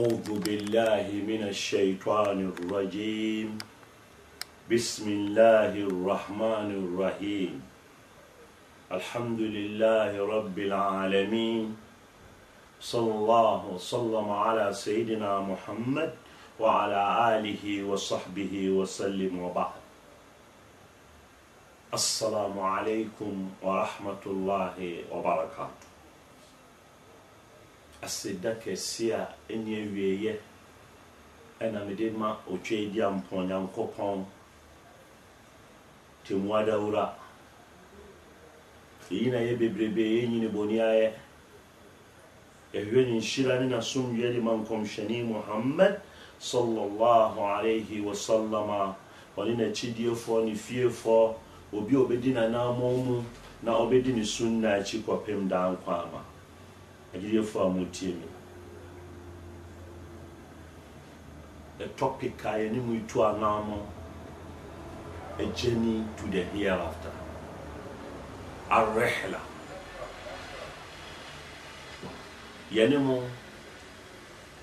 أعوذ بالله من الشيطان الرجيم بسم الله الرحمن الرحيم الحمد لله رب العالمين صلى الله وسلم على سيدنا محمد وعلى آله وصحبه وسلم وبعد السلام عليكم ورحمة الله وبركاته aseda kɛse a ɛni awieɛ ɛna mede ma otwa edi a mpɔnyankopɔn temu adawura èyí na yɛ bebrebe yɛ nyini bɔni ayɛ ɛhwɛ ne nhyira ne nasomdua de ma nkɔmhyɛne muhammad sallallahu alaihi wasallama ɔne n'akyidiefoɔ ne fiefoɔ obi a obɛdi n'anammɔn mu na obedi ne sunna akyi kɔpem daa nkwa ama agyilefoɔ a motie mi topic a yɛne mu itu anaa no a journey to the hereafter arehla yɛne mu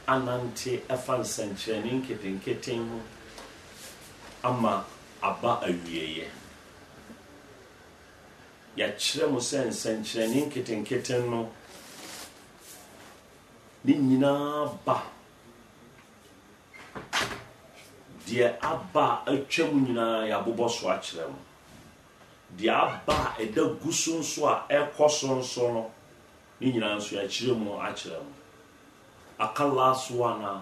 anante ɛfa nsɛnkyerɛnne nketenketen ho ama aba awieeɛ yɛkyerɛ mu sɛ nsɛnkyerɛnne nketenketen no ne nyinaa ba deɛ aba a atwam nyinaa yɛabobɔ so akyerɛ mu deɛ aba a ɛda gu so nso a ɛkɔ so nso no ne nyinaa nso yɛakyerɛ mu akyerɛ mu aka last one a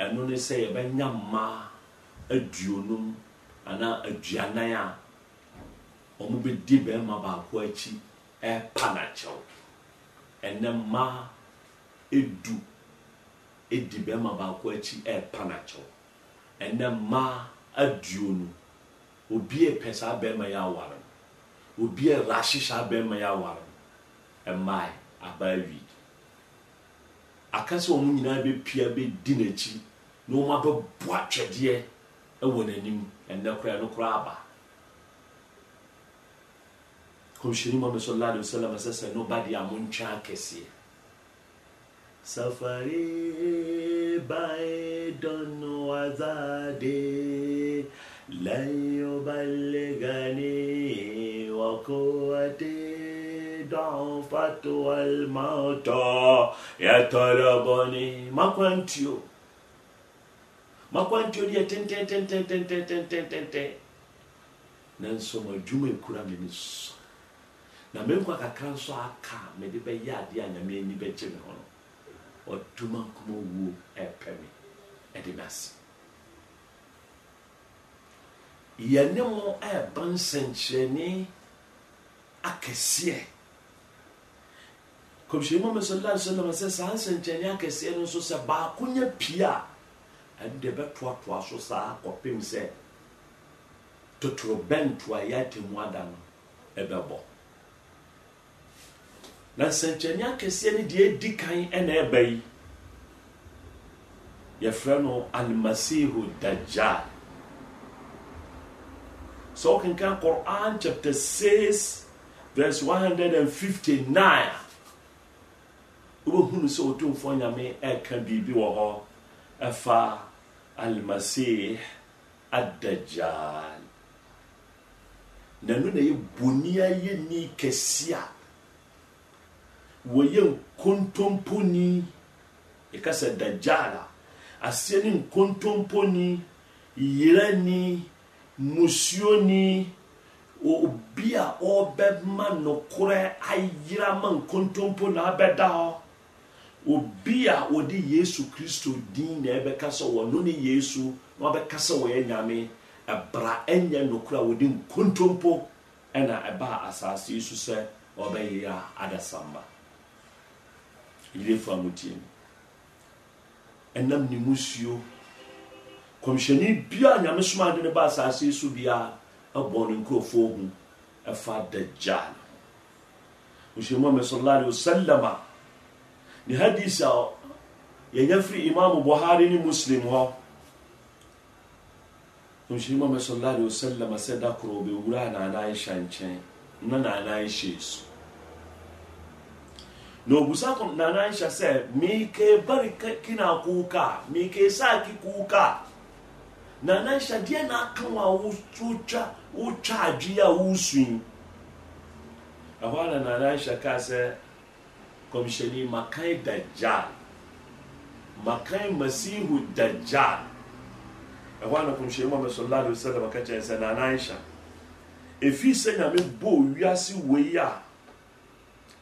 ɛno ne sɛ yɛbɛnya mmaa aduonum anaa aduanan a wɔn bɛdi barima baako akyi ɛrepa n'akyɛw ɛnɛ mmaa edu edi bɛrima baako akyi ɛɛpa n'akyɛw ɛnɛ mmaa aduo no obi a ɛpɛ saa bɛrima yɛ aware no obi a ɛrahye saa bɛrima yɛ aware no mmaa abaawi aka sɛ wɔn nyinaa bɛpia bɛdi n'akyi na wɔn abɛbɔ atwɛdeɛ ɛwɔ n'anim ɛnɛ koraa no koraa aba kɔmhyɛni mu amesɔ ladi osalama sɛsɛ n'oba deɛ a mo Safari bae don wazade layo balegani wakuati ضعفت والموتى يطلبني ما كنت يو ya كنت nansoma adwuma ekura me ne na menkɔ kakra nso aka mede bɛyɛ adeɛ a nyame ani me ho no ɔdoma nkɔmɔ wuo ɛpɛ me ɛde me ase yɛne mo ɛɛba nsɛnkyerɛnne akɛseɛ kɔmhyɛni mu sallallahu alaihi wasallam sɛ saa nsɛnkyerɛnne akɛseɛ no nso sɛ baako nya pie a ɛno deɛ bɛtoatoa so saa kɔpem sɛ totorobɛnto a yɛatemu ada no ɛbɛbɔ na nsɛnkyerɛnne akɛseɛ ni deɛ ɛdi kan ɛna ɛba yi yɛfrɛ no almasihu dajjal sɛ wokenkan quran chapter six verse one hundred and 159 wobɛhunu sɛ ɔtomfoɔ nyame ɛka biribi wɔ hɔ ɛfa almasih adajjal nanu na yɛ bonia yɛni kɛse a wɔyɛ nkontomponi yɛkasa dajala aseɛ ne nkontomponi yerani musuoni obi a ɔbɛma nokorɛ ayera ma nkontomponi abɛda hɔ obi a wɔde yesu kristo din na ɛbɛka sɛ wɔno ne yesu na wɔbɛka sɛ wɔyɛ nyame ɛbra ɛnyɛ nokorɛ a wɔde nkontompo ɛna ɛbaa asase yi so sɛ ɔbɛyera adasamma yirefoɔ a motie mu ɛnam ne mu suo kɔmhyɛni biara nyame soma de ne ba asase yi so biara ɛbɔ ne nkurɔfoɔ ho ɛfa dajjal ohyɛ muhammad sallallahu alaihi wasallam a ne hadis a yɛnya firi imam buhari ne muslim hɔ ohyɛ muhammad sallallahu alaihi wasallam sɛ da korɔ bɛwura nana aisha nkyɛn na nana aisha su na obusa kɔm nana ahyɛ sɛ meke bari kina kuka meke saaki kuka nana ahyɛ deɛ na aka wa wotwa wotwa adwi a wosui ɛhɔ ara nana ahyɛ kaa sɛ kɔmhyɛni makan dajal makan masihu dajal ɛhɔ ara kɔmhyɛni mu amesɔlɔ adi sɛ dama kɛkyɛn sɛ nana ahyɛ efi sɛ nyame bɔ wiase wei a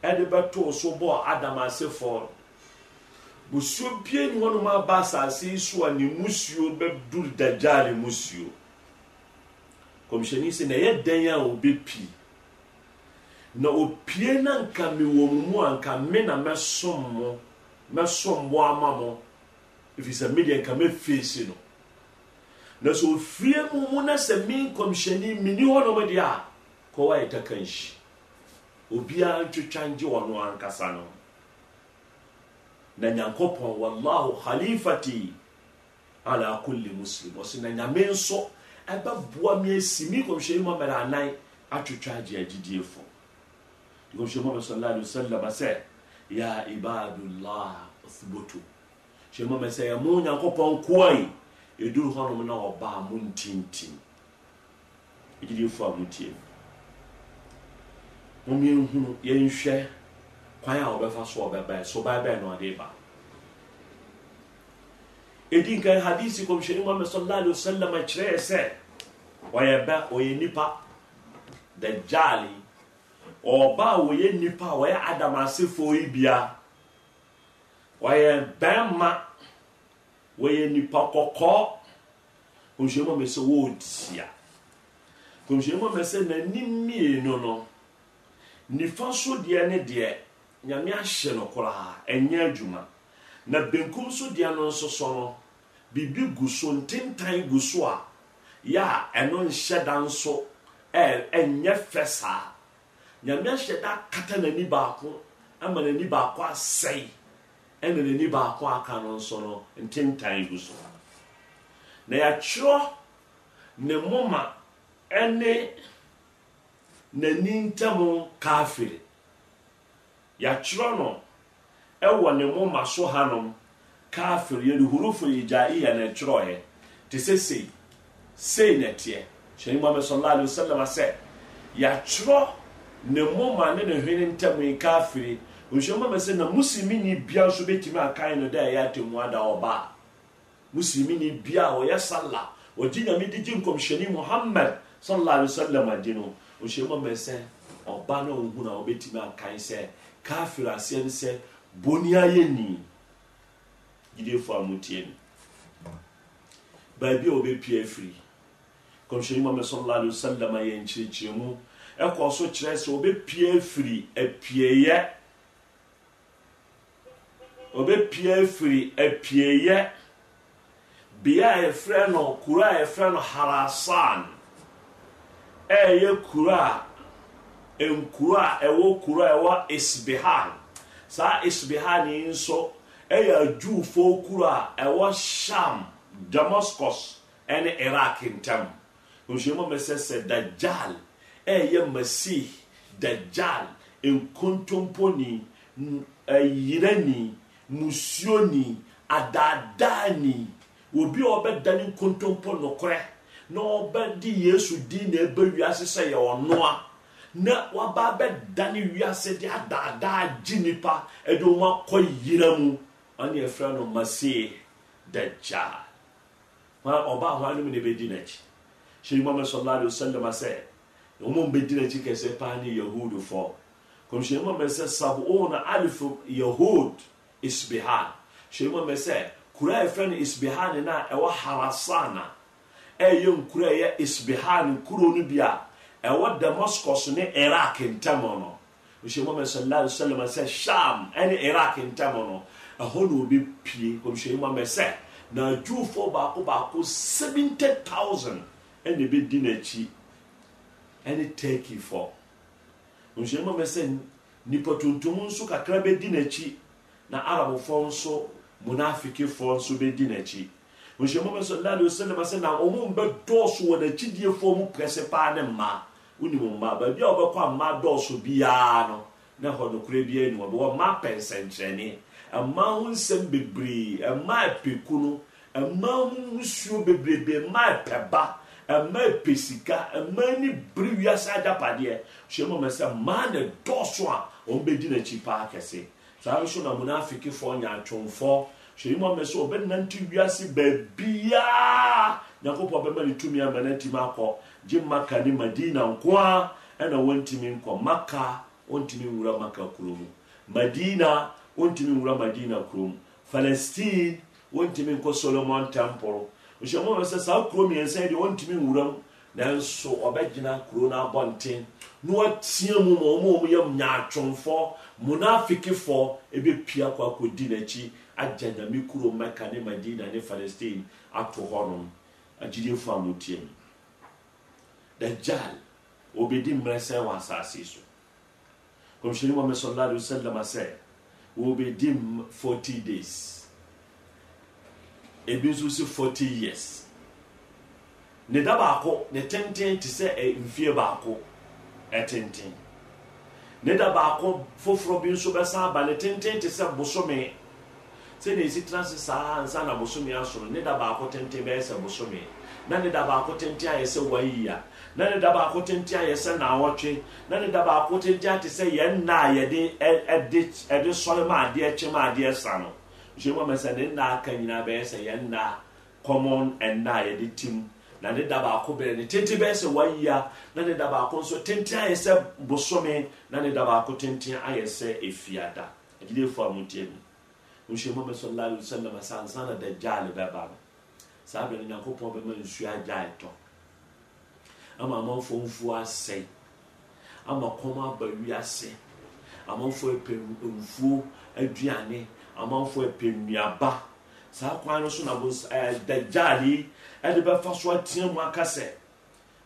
ɛde bɛtoo so bɔɔ adam asefoɔ busuo bie ni hɔnom aba asase yi so a ne musuo bɛduru dagyale musuo kɔmhyɛni sɛ na ɛyɛ dɛn a obɛpie na opie na nka mewɔ mu mu a nka me na mɛsom mo mɛsom mo ama mo ɛfiri sɛ medeɛ nka mɛfeesi no na sɛ ofie mu mu na sɛ me nkɔmhyɛni menni hɔnom deɛ a kɔwa yɛ taka nhyi obiara ntwitwa ngye wɔn ankasa no na nyankopɔn wallahu khalifati ala kulli muslim ɔsi na nyame nso ɛbɛboa mi esi mi kɔmhyɛn mu amɛrɛ anan atwitwa agye agyidiefo kɔmhyɛn mu amɛrɛ sallallahu alaihi wasallam sɛ ya ibadullah ɔsibotu hyɛn mu amɛrɛ sɛ ɛmu nyankopɔn eduru hɔnom na ɔbaa mu ntintin agyidiefo a mu tie mu mom yɛnhunu yɛnhwɛ kwan a wɔbɛfa so ɔbɛbae so baebae na ɔde ba ɛdi nkan hadisi kɔmhyɛni muhammad sallallahu alaihi wasallam kyerɛɛ sɛ ɔyɛ bɛ ɔyɛ nipa dagyali ɔba a wɔyɛ nipa a wɔyɛ adam yi bia wɔyɛ bɛrima wɔyɛ nipa kɔkɔɔ kɔmhyɛni muhammad sɛ wɔretia kɔmhyɛni muhammad sɛ n'anim mmienu no nifa so deɛ ne deɛ nyame ahyɛ no koraa ɛnyɛ adwuma na benkum so deɛ no nso so no biribi gu so ntentan gu so a yɛ a ɛno nhyɛ da nso ɛnyɛ fɛ saa nyame ahyɛ da kata n'ani baako ama n'ani baako asɛe ɛna n'ani baako aka no nso no ntentan gu so na yɛakyerɛ ne moma ɛne n'ani ntam kafiri yɛatwerɛ no ɛwɔ ne moma so hanom kafiri yɛde hurufo yigyaiya na ɛtwerɛeɛ te sɛ sei sei na ɛteɛ hyɛne muhammad sallallahu alaihi wasallam sɛ yɛatwerɛ ne moma ne ne hwene ntam yi kafiri ohyɛn muhammad sɛ na musimini bia nso bɛtumi akan no dɛ ɛyɛ atemu ada ɔbaa musulmini bia a ɔyɛ sala ɔgye nyame de gye nkɔmhyɛni muhammad sallallahu alaihi wasallam agye no ɔhyɛmmɔ mɛ sɛ ɔba no ɔhu na ɔbɛtumi akan sɛ kafir aseɛ no sɛ boni ayɛ ni gyidiefo a motie no baabi a wɔbɛpie afiri kɔmhyɛni mɔmɛ sɔlala alei wasalam ayɛ nkyerɛkyerɛmu ɛkɔ e so kyerɛ sɛ wɔbɛpie afiri apieyɛ wɔbɛpie afiri apieyɛ e bea a e yɛfrɛ no kuro a yɛfrɛ no harasan ɛyɛ kuro a nkuro a ɛwɔ kuro a ɛwɔ esibihar saa esibihar yi nso ɛyɛ ajuufo kuro a ɛwɔ sham damascus ɛne iraq ntam nhyiamu mɛsɛ sɛ dajal ɛyɛ masih dajal nkontomponi ayirani musuoni adaadaani obi a ɔbɛda nkontompo nokorɛ na ɔbɛdi yesu din na ebe wiase sɛ yɛ ɔnoa na waba abɛda ne wiase de adaadaa gye nipa ɛde wɔn akɔ yina mu ɔne efra no masie dagya wɔn ɔbaa wɔn anum na ebedi n'akyi hyɛn mu amesɔlɔ adi osɛlɛm asɛ wɔn bedi n'akyi kɛse paa ne yahudu fɔ kɔmhyɛn mu amesɛ sabu o na alifo yahud isbihar hyɛn mu amesɛ kura efra no isbihar ne na ɛwɔ harasana. ɛyɛ nkuro ɛyɛ isbihan nkuro no bi a ɛwɔ damascus ne iraq ntam no ɔhyɛ muhammad sallallahu alaihi wasallam sɛ sham ɛne iraq ntam no ɛhɔ na obi pie ɔhyɛ muhammad sɛ na adwufoɔ baako baako seventy thousand ɛna ebedi n'akyi ɛne turkey fɔ ɔhyɛ muhammad sɛ nipa tuntum nso kakra bɛdi n'akyi na arabfoɔ nso munafikifoɔ nso bɛdi n'akyi. nhyiamu sallallahu alaihi wasallam sɛ na ɔmo mbɛ dɔɔso wɔ n'akyidiefo mu pɛsɛ paa ne mmaa wonim mmaa baabi a wɔbɛkɔ a mmaa dɔɔso biara no na hɔ nokorɛ biara ni wɔbɛwɔ mmaa pɛnsɛnkyerɛnne mmaa ho nsɛm bebree mmaa ɛpɛku no mmaa ho nsuo bebrebe mmaa ɛpɛba mmaa ɛpɛ sika mmaa ni biri wiase agyapadeɛ nhyiamu sɛ mmaa na dɔɔso a wɔn bɛdi n'akyi paa kɛse saa nso na munafikifoɔ nyaatwomfoɔ hwɛ mu ama sɛ ɔbɛnante wiase baabiaa nyankopɔn bɛma ne tumi ama no atimi akɔ gye maka ne madina nko a ɛna wɔntimi nkɔ maka wɔntimi nwura maka kuro mu madina wɔntimi nwura madina kuro mu palestine wɔntimi nkɔ solomon temple hyɛ mu ama sɛ saa kuro mmiɛnsa deɛ wɔntimi nwura mu nanso ɔbɛgyina kuro no abɔnten na wateɛ mu ma ɔma ɔm yɛ nyaatwomfɔ munafikifɔ ɛbɛpia kɔ akɔdi n'akyi agya nyame kuro mɛka ne madina ne palestine ato hɔnom agyidiefoɔ a motie me dagyal obɛdi mmerɛ sɛn wɔ asase so kɔmhyɛni muhammad sallallahu alaihi wasallam sɛ wɔbɛdi 40 days ebi nso si 40 years ne da baako ne tenten te sɛ eh, mfie baako ɛtenten ne da baako foforɔ bi nso bɛsan aba ne tenten te sɛ bosome sɛdeɛ ɛsi tena se saa ansa na bosome asoro ne da baako tenten bɛyɛ sɛ bosome na ne da baako tenten ayɛ sɛ wayia na ne da baako tenten ayɛ sɛ naawɔtwe na ne da baako tenten ate sɛ yɛn nna a yɛde ɛde ɛde sɔre ma adeɛ kye ma adeɛ sa no nhyɛn mu amasa ne nna aka nyinaa bɛyɛ sɛ yɛn nna kɔmɔn ɛnna a yɛde tim na ne da baako bɛrɛ ne tenten bɛyɛ sɛ wayia na ne da baako nso tenten ayɛ sɛ bosome na ne da baako tenten ayɛ sɛ efiada agyilefo a mo tie mu wohyɛ mu sallallahu alaihi wasallam sansa na dajjal bɛba no saa bɛn no nyankopɔn bɛma nsuo agya ɛtɔ ama amanfoɔ mfuo asɛe ama kɔm aba wiase amanfoɔ ɛpɛ mfuo aduane amanfoɔ ɛpɛ nnuaba saa kwan no so na bo ɛɛ eh, dajjal yi ɛde bɛfa so ateɛ mu aka sɛ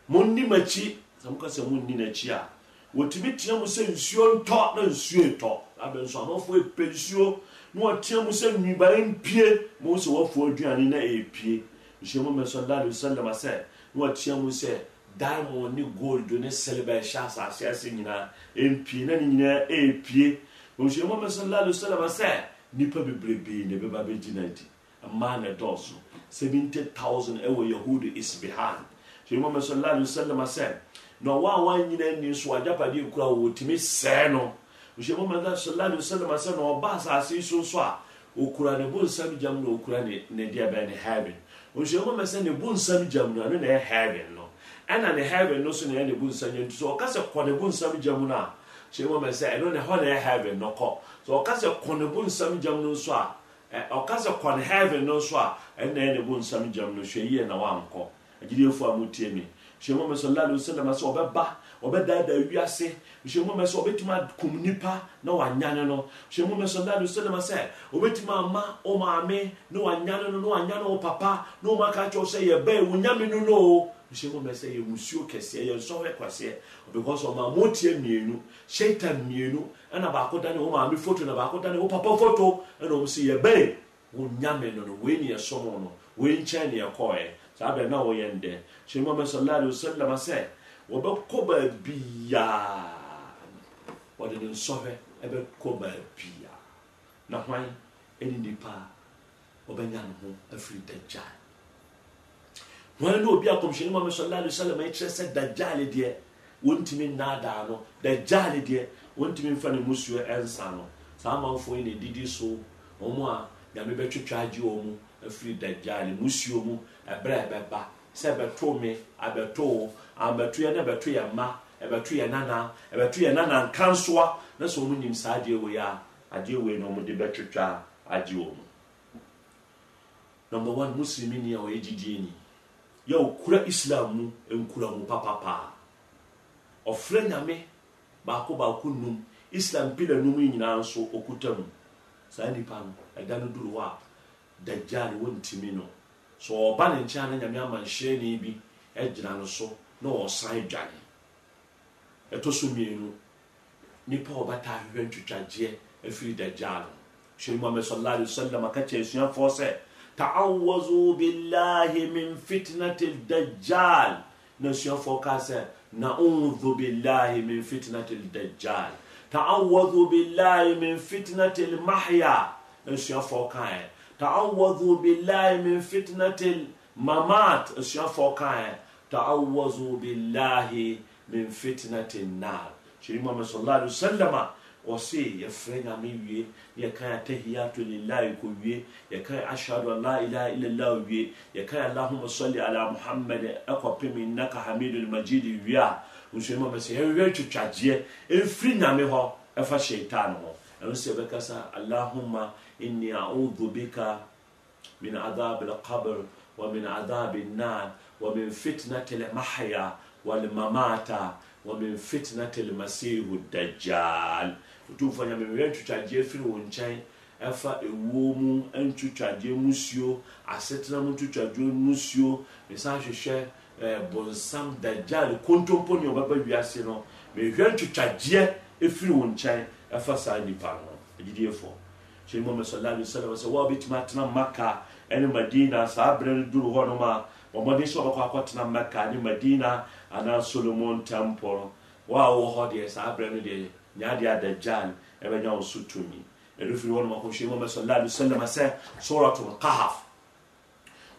monni m'akyi sɛ moka sɛ monni n'akyi a wɔtumi teɛ mu sɛ nsuo ntɔ na nsuo etɔ abɛnso amanfoɔ ɛpɛ nsuo na wɔteɛ mu sɛ nnwibare mpie ma wo sɛ wɔafoɔ aduane na ɛpie nhyiamu mɛ sɔ lalo sɛlɛma sɛ na wɔteɛ mu sɛ diamond ne gold ne silver ɛhyɛ asase ase nyinaa ɛmpie na ne nyinaa ɛpie nhyiamu mɛ sɔ lalo sɛlɛma sɛ nnipa bebrebee na ɛbɛba bɛgyi no adi mmaa na ɛdɔɔso 70000 ɛwɔ yahudu isbihan nhyiamu mɛ sɔ lalo sɛlɛma sɛ na ɔwɔ a wɔn nyinaa ni so agyapadeɛ kura wɔtumi sɛɛ no ɔhyɛmu mada sallallahu alaihi wasallam asɛ na ɔba asase yi so nso a okura ne bo nsam gyam na okura ne ne deɛ bɛyɛ ne heaven ɔhyɛmu mɛ sɛ ne bo nsam gyam no ano na ɛyɛ heaven no ɛna ne heaven no so na ɛyɛ ne bo nsam gyam nti sɛ ɔka sɛ kɔ ne bo nsam gyam no a ɔhyɛmu mɛ sɛ ɛno ne hɔ na ɛyɛ heaven no kɔ sɛ ɔka sɛ kɔ ne bo nsam gyam no nso a ɔka sɛ kɔ ne heaven no nso a ɛna ɛyɛ ne bo nsam gyam no hwɛ yie na wankɔ agyidiefoɔ a motie mi ɔhyɛmu mɛ sɛ ɔba ɔbɛdaadaa wiase hyɛ mu mɛsɛ ɔbɛtumi akum nipa na wanyane no hyɛ mu mɛsɛ ɔbɛdaadaa sɛdɛm sɛ ɔbɛtumi ama wo maame na wanyane no na wanyane wo papa na wɔn aka kyerɛw sɛ yɛbɛɛ wo nyame no no o hyɛ mu mɛsɛ yɛ musuo kɛseɛ yɛ nsɔhwɛ kɛseɛ because ɔma motie mmienu shaitan mmienu ɛna baako dane wo maame foto na baako dane wo papa foto ɛna wɔn sɛ yɛbɛɛ wo nyame no no wei ne yɛsɔm no wei nkyɛn ne yɛkɔɔɛ saa bɛn na wɔyɛ ndɛ hyɛ mu mɛsɛ ɔbɛdaadaa sɛdɛm sɛ wɔbɛkɔ baabi yaa wɔde ne nsɔhwɛ ɛbɛkɔ baabi yaa na hwan ɛne nipa ɔbɛnya ne ho afiri dagyae hwan ne obi a kɔmhyɛni mu amesɔ laalu salama ɛkyerɛ sɛ dagyae deɛ wɔntumi nnaadaa no dagyae deɛ wɔntumi nfa ne musuo ɛnsa no saa amanfoɔ yi na edidi so wɔn a nyame bɛtwitwa agye wɔn mu afiri dagyae musuo mu ɛbrɛ ɛbɛba sɛ ɛbɛto me abɛto wo ambɛto yɛ na ɛbɛto yɛ mma ɛbɛto yɛ nana ɛbɛto yɛ nana nkansoa na sɛ wɔn nim saa adeɛ wei a adeɛ wei na wɔn bɛtwitwa agye wɔn number one muslimi ni a ɔyɛ gyidie ni yɛ okura islam mu nkura mu papapa ɔfrɛ nyame baako baako num islam pila num yi nyinaa nso okuta mu saa nipa no ɛda no duru hɔ a dagyaare wɔntumi no so ɔba ne nkyɛn na nyame amanhyɛni bi ɛgyina no so na ɔsan dwane ɛtɔ so mmienu nipa a ɔbɛta ahwehwɛ ntwitwagyeɛ afiri dagyaa no hyɛn muhammed sallallahu alaihi wa sallam aka kyerɛ asuafoɔ sɛ ta'awazu billahi min fitnati dajjal na asuafoɔ ka sɛ na'udhu billahi min fitnati dajjal ta'awazu billahi min fitnati mahya na asuafoɔ ka yɛ billahi min fitnati mamat asuafoɔ ka ta'awwazu billahi min fitnatin nar shiri muhammad sallallahu alaihi wasallama ɔse yɛfrɛ nyame ya kai tahiyatu lillahi kɔ Ya kaya ashhadu an la ilaha illallah Ya kaya allahumma salli ala muhammad ɛkɔpem minnaka hamidul majid wie ya nsuani tchajie en fri na ɛmfiri ho e fa shaytan ho ɛno sɛ be kasa, allahumma inni a'udhu bika min adhab alqabr wa min adhab an-nar ومن فتنة المحيا والممات ومن فتنة المسيح الدجال ɔtumfoɔ nyame mewɛ ntwitwagyeɛ firi wo nkyɛn ɛfa ewuo mu ntwitwagyeɛ mu suo asetena mu ntwitwagyeɛ mu suo mesan hwehwɛ ɛɛ bɔnsam dagyal kontompo nea ɔbɛba wiase no mehwɛ ntwitwagyeɛ efiri wo nkyɛn ɛfa saa nipa no agyidiefoɔ hyɛn mu ɔmɛ sɔlɔ alayhi sɔlɔ sɛ wɔn a maka ɛne madina saa abirɛ no ɔmɔden sɛ ɔbɛkɔ akɔtena mɛka ne madina anaa solomon temple wa a wɔ hɔ deɛ saa berɛ no deɛ nyaade adagyan ɛbɛnya wo so tumi ɛno firi hɔ no makɔhwɛ mu mɛsɔla ali sallama sɛ suratul kahaf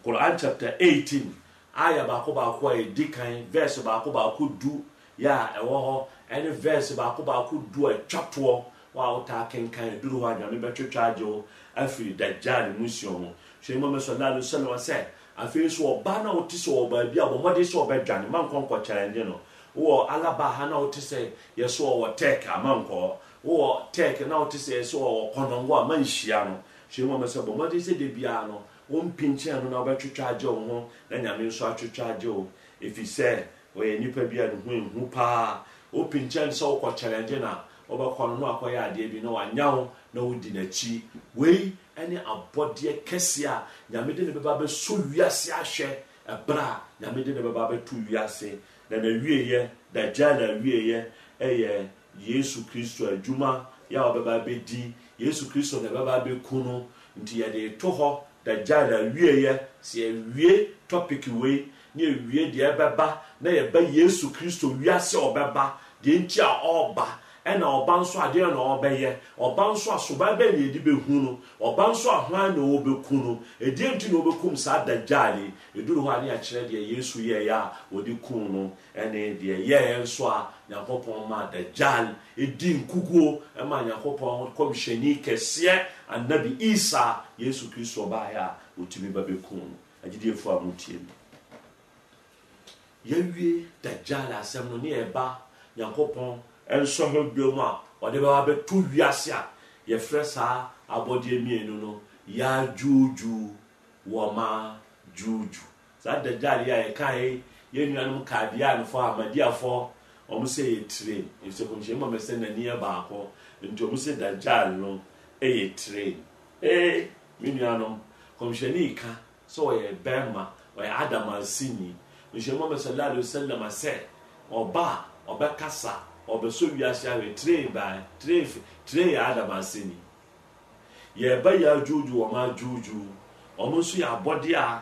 quran chapter 18 aya baako baako a ɛdi kan verse baako baako du yɛ a ɛwɔ hɔ ɛne verse baako baako du e a ɛtwa toɔ wa a wotaa kenkan ɛduru hɔ a nyame bɛtwetwa agye wo afiri dagyan mu ho hwɛ mu mɛsɔla ali sallama sɛ afei nso ɔbaa na ɔte sɛ wɔ baabi a ɔmɔde sɛ ɔbɛdwane mankɔ nkɔ challenge no wowɔ alaba ha na ɔte sɛ yɛsɛ ɔwɔ tek a mankɔ wowɔ tek na ɔte sɛ yɛsɛ ɔwɔ kɔnɔngɔ ama manhyia no hyɛ mu sɛ bɔ mɔde sɛ de biara no wɔmpinkyɛn no na wobɛtwitwa agye wo ho na nyame nso atwitwa agye wo ɛfiri sɛ ɔyɛ nnipa bi a ne ho ɛhu paa wopinkyɛn sɛ wokɔ challenge no a wobɛkɔ no na wakɔyɛ adeɛ bi na wanya wo na wodi n'akyi wei ne abɔdeɛ kɛseɛ a nyame de ne bɛba bɛsɔ wiase ahwɛ ɛberɛ a nyame de ne bɛba bɛto wiase na n'awieɛ dagya na awieɛ ɛyɛ yesu kristo adwuma yɛ a wɔbɛba bɛdi yesu kristo na ɛbɛba bɛku no nti yɛde to hɔ dagya na awieɛ sɛ yɛwie topic wei ne yɛwie deɛ ɛbɛba na yɛba yesu kristo wiase ɔbɛba deɛ nti a ɔreba ɛna ɔba nso adeɛ na ɔbɛyɛ ɔba nso asoba bɛn na yɛde bɛhu no ɔba nso ahwan na wɔbɛku no ɛdeɛ nti na wɔbɛkum saa dagyaale ɛduru hɔ a ne akyerɛ deɛ yesu yɛeɛ a wɔde kum no ɛne deɛ yɛeɛ nso a nyankopɔn ma dagyaale ɛdi nkukuo ɛma nyankopɔn kɔmhyɛni kɛseɛ anabi isa yesu kristo ɔbaeɛ a wɔtumi ba bɛkum no agyidiefo a motie mu yɛwie dagyaale asɛm no ne yɛba nyankopɔn nso ho dwom a ɔde bɛwa bɛto wiase a yɛfrɛ saa abɔdeɛ mmienu no yɛadwoodwoo wɔ ma dwoodwo saa dagyale a yɛkae yɛn nuanom kaadiaanfoɔ amadiafoɔ ɔmo sɛ yɛ train efisɛ kɔmhyɛn mu a mɛsɛ n'ani yɛ baako nti ɔmo sɛ dagyale no yɛ train ee me nuanom kɔmhyɛn yi ka sɛ ɔyɛ bɛrima ɔyɛ adamansinyi kɔmhyɛn mu a mɛsɛ laadu sɛlɛm asɛ ɔbaa ɔbɛkasa ɔbɛsɔ wiase ahwɛ tire ban tire tire yɛ adabaseni yɛreba yɛ adwodwo wɔn adwodwo wɔn nso yɛ abɔde a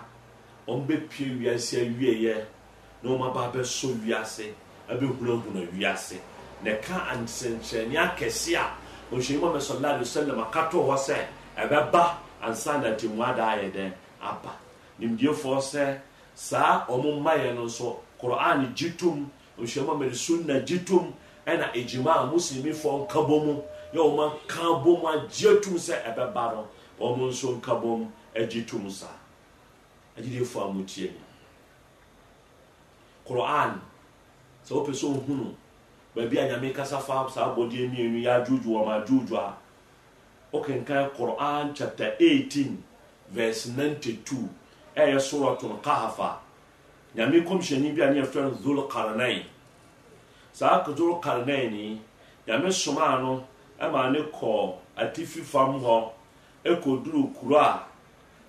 wɔn bɛpie wiase awieɛ na wɔn aba abɛsɔ wiase abɛhunahuna wiase na ɛka nsɛnkyerɛnne akɛse a ohyɛnni mɔmɛ sɔlɔ adi sɛlɛm akato hɔ sɛ ɛbɛba ansa na temu ada ayɛ dɛn aba nimdiefoɔ sɛ saa wɔn mmayɛ no nso korɔ a ne gyi tom ɛna egyima a musulmifoɔ nkabɔ mu yɛ wɔn nka bɔ mu agye tum sɛ ɛbɛba no wɔn nso nka bɔ mu agye tum saa agyilefoɔ a mo tie mu koran sɛ wɔpɛ sɛ ohunu baabi a nyame kasa fa saa bɔdeɛ mmienu yɛ adwodwo wɔn adwodwo a wɔkenkan koran chapter eighteen verse ninety two ɛyɛ soro ato nkahafa nyame kɔmhyɛni bi a ne yɛfrɛ no zolo karanayi. saa Dhul Qarnayn nyame somaa no ma ne kɔɔ atifi fam hɔ kɔduru kuro a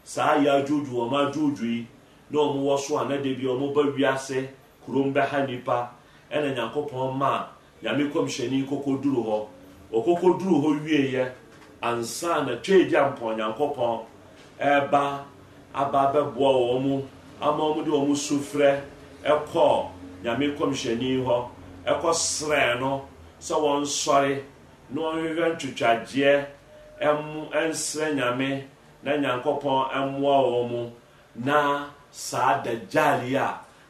saa Yaajuuj wɔn Maajuuj yi na wɔn wɔ so a na de bi ɔmo ba wiase kurom bɛha nipa ɛna nyanko Nyankopɔn maa nyame kɔmhyɛni duru hɔ okoko duru hɔ yɛ ansa na twedi a mpɔ pɔn ɛba aba abɛboa wɔn mu ama ɔmo de ɔmo sufrɛ ɛkɔɔ nyame kɔmhyɛni hɔ ɛkɔ srɛɛ no sɛ wɔnsɔre na wɔnhwehwɛ ntwitwagyeɛ ɛmu ɛnsrɛ nyame na nyankopɔn ɛmmoa wɔn mu na saa dagyali a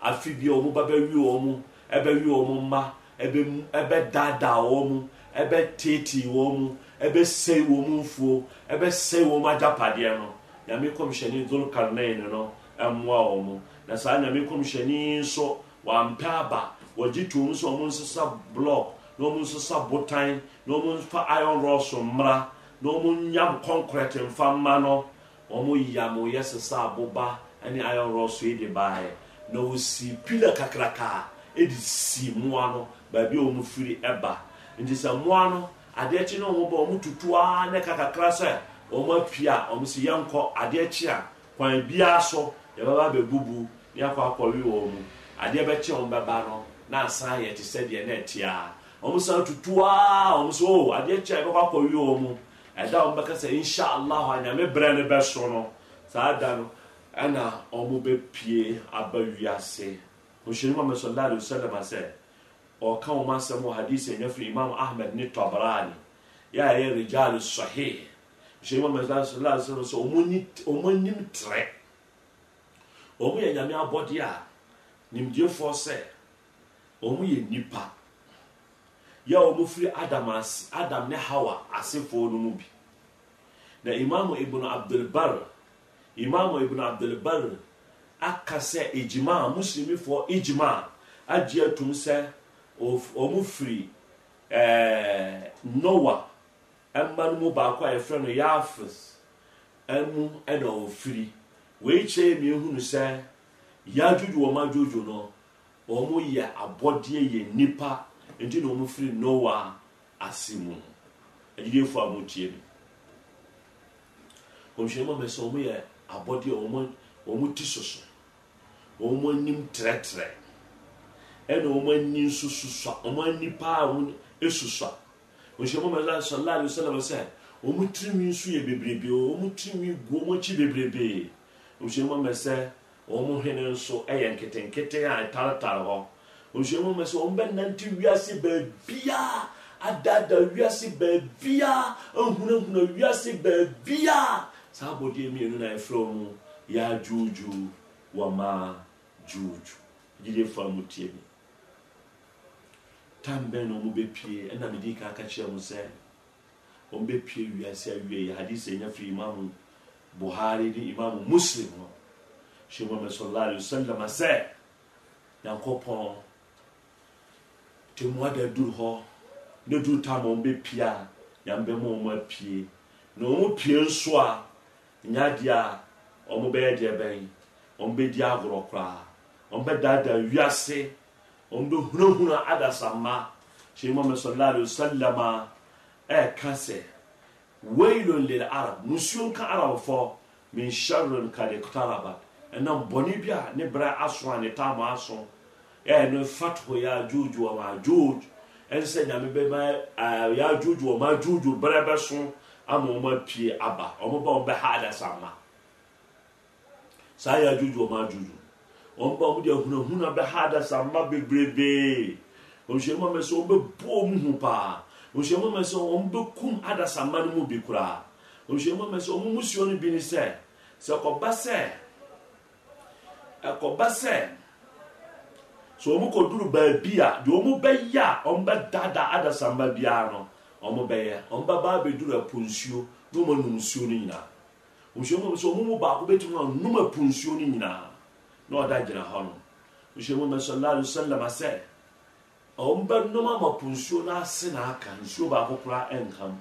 afi bi a wɔn ba bɛwi wɔn mu ɛbɛwi wɔn mma ɛbɛdaadaa wɔn mu ɛbɛteetee wɔn mu ɛbɛsɛe wɔn mfuo ɛbɛsɛe wɔn agyapadeɛ no nyame kɔmhyɛni dolokarnain no ɛmmoa wɔn mu na saa nyame kɔmhyɛni nso wɔampɛ aba wɔgye tom sɛ ɔmo nsesa block, na ɔmo nsesa botan na ɔmo nfa iron rɔs mmra na ɔmo nyam kɔnkrɛt mfa mma no ɔmo yam yɛ sesa aboba ɛne iron rɔs yi de baayɛ na osi pila kakraka ɛde si mmoa no baabi a ɔmo firi ɛba nti sɛ mmoa no adeɛ kyi na ɔmo ba ɔmo tutu aa ne kakakra sɛ ɔmo apia ɔmo si yɛnkɔ adeɛ kyi a kwan biara so yɛbɛba abɛbubu ne akɔ akɔwe wɔn mu adeɛ bɛkye wɔn bɛba no na asan yɛ te sɛ deɛ na ɛtia wɔn san tutu aa wɔn so o oh, adeɛ kyɛ ɛbɛkɔ akɔ yi wɔn mu ɛda wɔn bɛka sɛ inshallah anyame brɛ ne bɛ so no saa da no ɛna wɔn bɛ pie aba wiase ohyɛn mu amasɔlá de sɛlɛm asɛ ɔka wɔn asɛm wɔ hadisi ɛnyɛ firi imam ahmed ne tɔbrani yɛ a ɛyɛ rijal sɔhee ohyɛn mu amasɔlá de sɛlɛm sɛ wɔn anim trɛ wɔn yɛ nyame abɔdeɛ a nimdiefoɔ sɛ wɔn yɛ nipa yɛ a firi adam ase adam ne hawa asefoɔ no mu bi na imam ibn abdulbar imam ibn abdulbar aka sɛ ejima a muslimifoɔ ejima a agye atum sɛ wɔn firi ɛɛɛ noa mma no mu baako a yɛfrɛ no yafis ɛmu ɛna ofiri wɔn ekyir mi ehunu sɛ yadudu wɔn ajojo no. wɔn yɛ abɔdeɛ yɛ nipa nti na wɔn firi noa ase mu agyilefo a wɔn tie no wɔn hyɛn mu amesa wɔn yɛ abɔdeɛ wɔn wɔn ti soso wɔn anim trɛtrɛ ɛna wɔn ani nso susua wɔn ani paa wɔn esusua wɔn hyɛn mu amesa sɔlaa alayhi sɛlɛm sɛ wɔn tirinwi nso yɛ bebrebe wɔn tirinwi gu wɔn akyi bebrebe wɔn mu amesa wɔn mu hene nso yɛ nketenkete a ɛtaretare hɔ nhyiamu mɛ sɛ wɔn bɛnante wiase baabiaa adada wiase baabiaa ahunahuna wiase baabiaa saa abɔdeɛ mmienu na ɛfrɛ mu yɛadwoodwoo wɔmaa dwoodwo gyede fa mu tie mi tam bɛn na wɔn bɛpie ɛna mede ka aka kyerɛ mu sɛ wɔn bɛpie wiase awie yɛ hadise nya firi buhari ne imam muslim no hyɛ mu sallallahu alaihi wasallam sɛ nyankopɔn temu ada duru hɔ ne duru tam a bɛpie a nyame bɛma ɔmo apue na ɔmo pie nso a nya deɛ a ɔmo bɛyɛ deɛ bɛn ɔmo bɛdi agorɔ koraa ɔmo bɛdaadaa wiase ɔmo bɛhunahuna adasamma hyɛ mu sallallahu alaihi wasallam eh, a ɛɛka sɛ wailun lil arab musuo nka arabfoɔ min sharrin kad iqtarabat ɛnam bɔne bi a ne berɛ aso a ne tam aso ɛyɛ no fatoɔ yɛ adwoodwo ɔma adwoodwo ɛne sɛ nyame bɛma yɛ adwoodwo ɔma adwoodwo berɛ bɛso ama ɔma pie aba ɔmo ba ɔmo bɛha adasa ama saa yɛ adwoodwo ɔma adwoodwo ɔmo ba ɔmo de ahunahuna bɛha adasa ama bebrebee ɔnhyɛnmu ama sɛ ɔmo bɛbɔ ɔmo ho paa ɔnhyɛnmu ama sɛ ɔmo bɛkum adasa no mu bi koraa ɔnhyɛnmu ama sɛ ɔmo musuo no bi ne sɛ sɛ ɔba sɛ ɛkɔba sɛ so wɔn kɔduru baabi a deɛ wɔn bɛyɛ a wɔn bɛdada adasamba biara no wɔn bɛyɛ wɔn bɛba abɛduru ɛpo nsuo na wɔn anum nsuo no nyinaa nsuo mu sɛ wɔn mu baako bɛtumi anum ɛpo nsuo no nyinaa na ɔda gyina hɔ no nsuo mu sɔlɔ sɛlɛm asɛ wɔn bɛnum ama po nsuo no ase na aka nsuo baako koraa ɛnkam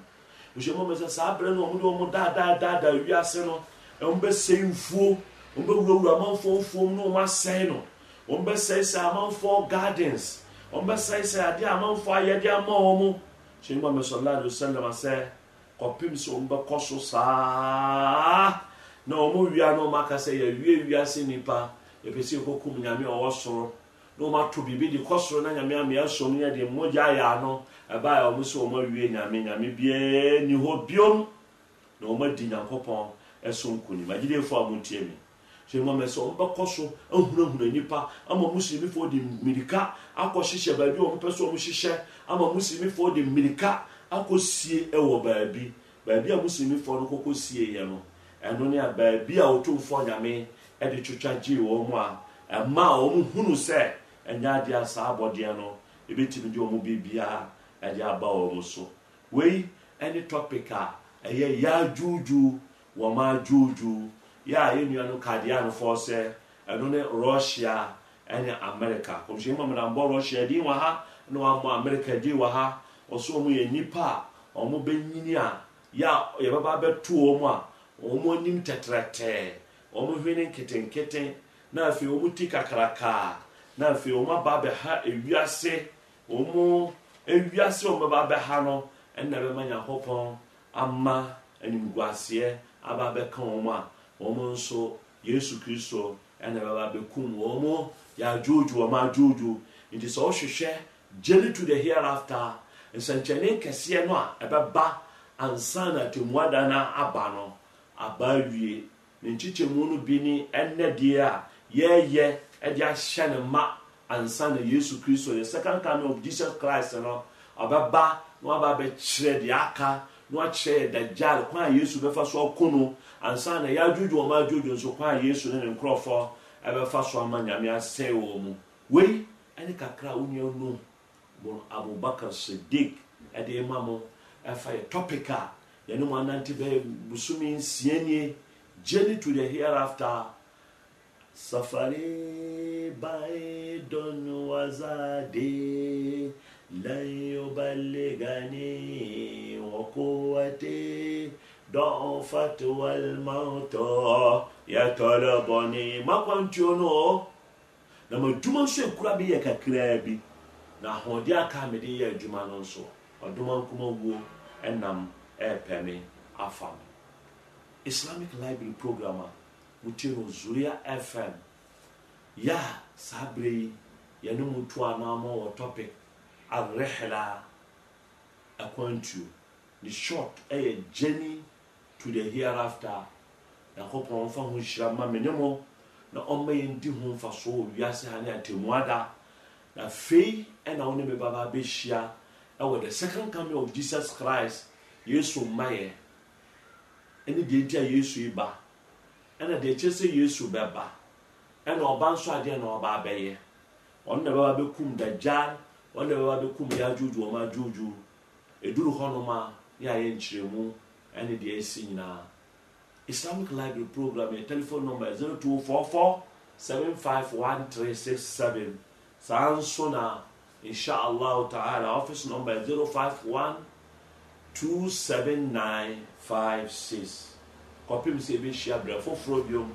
nsuo mu sɛ saa abirɛ no wɔn de wɔn daadaadaadaa wiase no wɔn bɛsɛ nfuo wɔbɛwurawura amanfoɔ fuom na wɔasɛe no wɔbɛsɛesɛe amanfoɔ gardens wɔbɛsɛesɛe adeɛ amanfoɔ ayɛde ama wɔn mu kyɛnni mu amesɔlá adi osalem asɛ kɔpem sɛ wɔbɛkɔ so saa na wɔn wia na wɔn aka sɛ yɛwie wiase nipa yɛpɛ sɛ yɛkɔkum nyame ɔwɔ soro na wɔn ato biribi de kɔ soro na nyame ama yɛsɔ no de mmogya ayɛ ano ɛbaa yɛ wɔn sɛ wɔn awie nyame nyame biara ni hɔ biom na wɔn adi nyankopɔn ɛso nkunim agyilefoɔ a wɔn tie mi hyɛnmamɛ sɛ ɔmobɛkɔ so ahunahuna nnipa ama muslimifoɔ de mmirika akɔhyehyɛ baabi a ɔmopɛ sɛ ɔmhyehyɛ ama muslimifoɔ de mmirika akɔsie wɔ baabi baabi a muslimifoɔ no kɔkɔ sieyɛ no ɛno ne a baabi a ɔtomfoɔ nyame de twitwa gyee wɔ mu a ɛma a wɔn hunu sɛ ɛnyɛ adeɛ a saa abɔdeɛ no ebɛtumi de wɔn biribiara ɛde aba wɔn so wei ne topic a ɛyɛ yɛ adwudwu wɔn adwudwu yɛa yɛnnua no kadea nofoɔ sɛ ɛno ne russia ɛne amerika kɔmhyɛni mamadambɔ russia din wɔ ha na wammɔ amerika din wɔ ha ɔso ɔmo yɛ nnipa a ɔmo bɛnyini a yɛa yɛbɛba bɛto ɔ mu a ɔmo anim tɛtrɛtɛɛ ɔmo hwene nketenketen na afei ɔmo ti kakrakaa na afei ɔmo aba bɛha ewiase ɔmo ewiase ɔmo bɛba bɛha no ɛnna bɛma nyankopɔn ama animguaseɛ aba bɛka ɔmo a wɔn nso yesu kristo ɛna ɛbɛba abɛkum wɔn mo yɛadwoodwo wɔn adwoodwo nti sɛ ɔhwehwɛ journey to the hereafter nsɛnkyɛnne kɛseɛ no a ɛbɛba ansa na atemmuada no aba no aba awie ne nkyekyɛmu no bi ne ɛnɛ deɛ a yɛɛyɛ ɛde ahyɛ ne ma ansa yesu kristo the second coming of jesus christ no ɔbɛba na waba abɛkyerɛ deɛ aka na wakyerɛ yɛ dagyal kwan a yesu bɛfa so ɔko no ansa na yɛadwodwo wɔn adwodwo nso kwan a yesu ne ne nkurɔfoɔ ɛbɛfa so ama nyame asɛe wɔn mu wei ɛne kakra a wonua nom bɔn abubakar sadiq ɛde ma mo ɛfa yɛ topic a yɛne mu anante bɛyɛ bosomi nsia nie journey to the hereafter safari by don wazade lan yuballigani وقوتي ضعفت والموت يطلبني ما كنت نو na madwuma nso ekura bi yɛ kakraa bi na ahoɔden aka mede yɛ adwuma no nso ɔdoma nkuma wuo islamic library program a wotie zuria fm Ya sabri, saa berɛ yi yɛne mu to anaa ne short ɛyɛ eh, journey to the hereafter nyankopɔn ɔmfa ho nhyira ma me mo na ɔmma yɛn di ho mfasoɔ wɔ wiase ha ne atemmuada na fei ɛna wo ne me baba bɛhyia ɛwɔ the second coming of jesus christ yesu mma yɛ ɛne deɛ nti a yesu yi ba ɛna deɛ kyerɛ sɛ yesu bɛba ɛna ɔba nso adeɛ na ɔba abɛyɛ ɔno na bɛba bɛkum dagyan ɔno na bɛba bɛkum yɛ adwodwo ɔma adwodwo ɛduru hɔnom a ne nkyerɛmu ne deɛ asi nyinaa islamic library program yɛ telephone number 0244 751367 saa nso na inshallah ta'ala office number 051 27956 kɔpem sɛ ɛbɛhyia berɛ foforɔ biom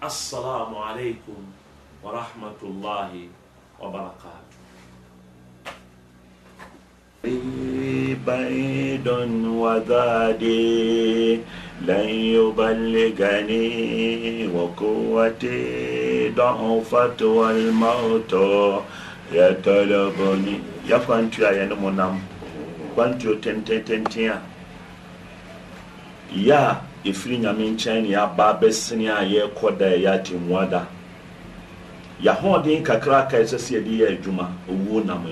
assalamu alaikum ورحمة الله وبركاته بيد وزادي لن يبلغني وقوتي ضعفت والموت يطلبني يا فانتو يا نمونام فانتو تنتن تنتن يا ɛfiri nyame nkyɛn ne yɛaba bɛsene a yɛrekɔ da ɛyɛ atemmua da yɛahoɔden kakra ka ɛsɛ sɛ yɛde yɛ adwuma owuo nam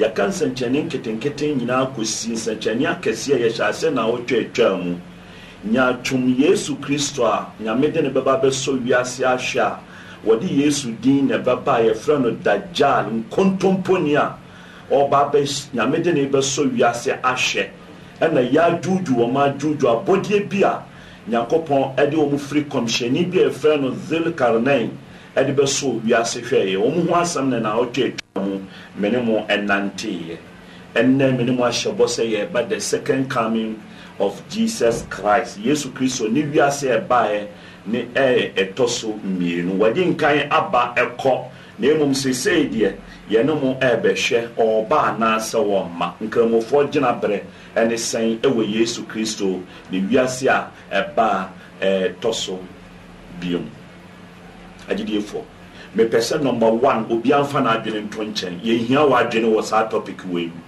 yɛka nsɛnkyɛnne nketenkete nyinaa kɔsi nsɛnkyɛnne akɛseɛ yɛhyɛ ase na wotwa atwaa mu nyaatwom yesu kristo a nyame de ne bɛba bɛsɔ wiase ahwɛ a wɔde yesu din na ɛbɛba a yɛfrɛ no dagyal nkontomponi a ɔba bɛ nyame de ne bɛsɔ wiase ahwɛ ɛna yɛadwudwu wɔn adwudwu abɔdeɛ bi a nyankopɔn de wɔn firi kɔmhyɛni bi a yɛfrɛ no zil ɛde bɛso wiase hwɛeɛ wɔn ho asɛm na na ɔtwa atwa mu mene mu ɛnanteeɛ ɛnnɛ mene mu ahyɛ bɔ sɛ yɛba the second coming of jesus christ yesu kristo ne wiase ɛbaeɛ ne ɛyɛ ɛtɔ so mmienu wɔde nkan aba ɛkɔ na mmom seesei deɛ yɛne mo ɛrebɛhwɛ ɔba anaasɛ wɔmma nkramofoɔ gyina berɛ ɛne sɛn ɛwɔ yesu kristo ne wiase a ɛbaa ɛɛtɔ so biom agyediefoɔ mepɛ sɛ number one obiara mfa n'adwene nto nkyɛn yɛhia wɔ adwene wɔ saa topic wei mu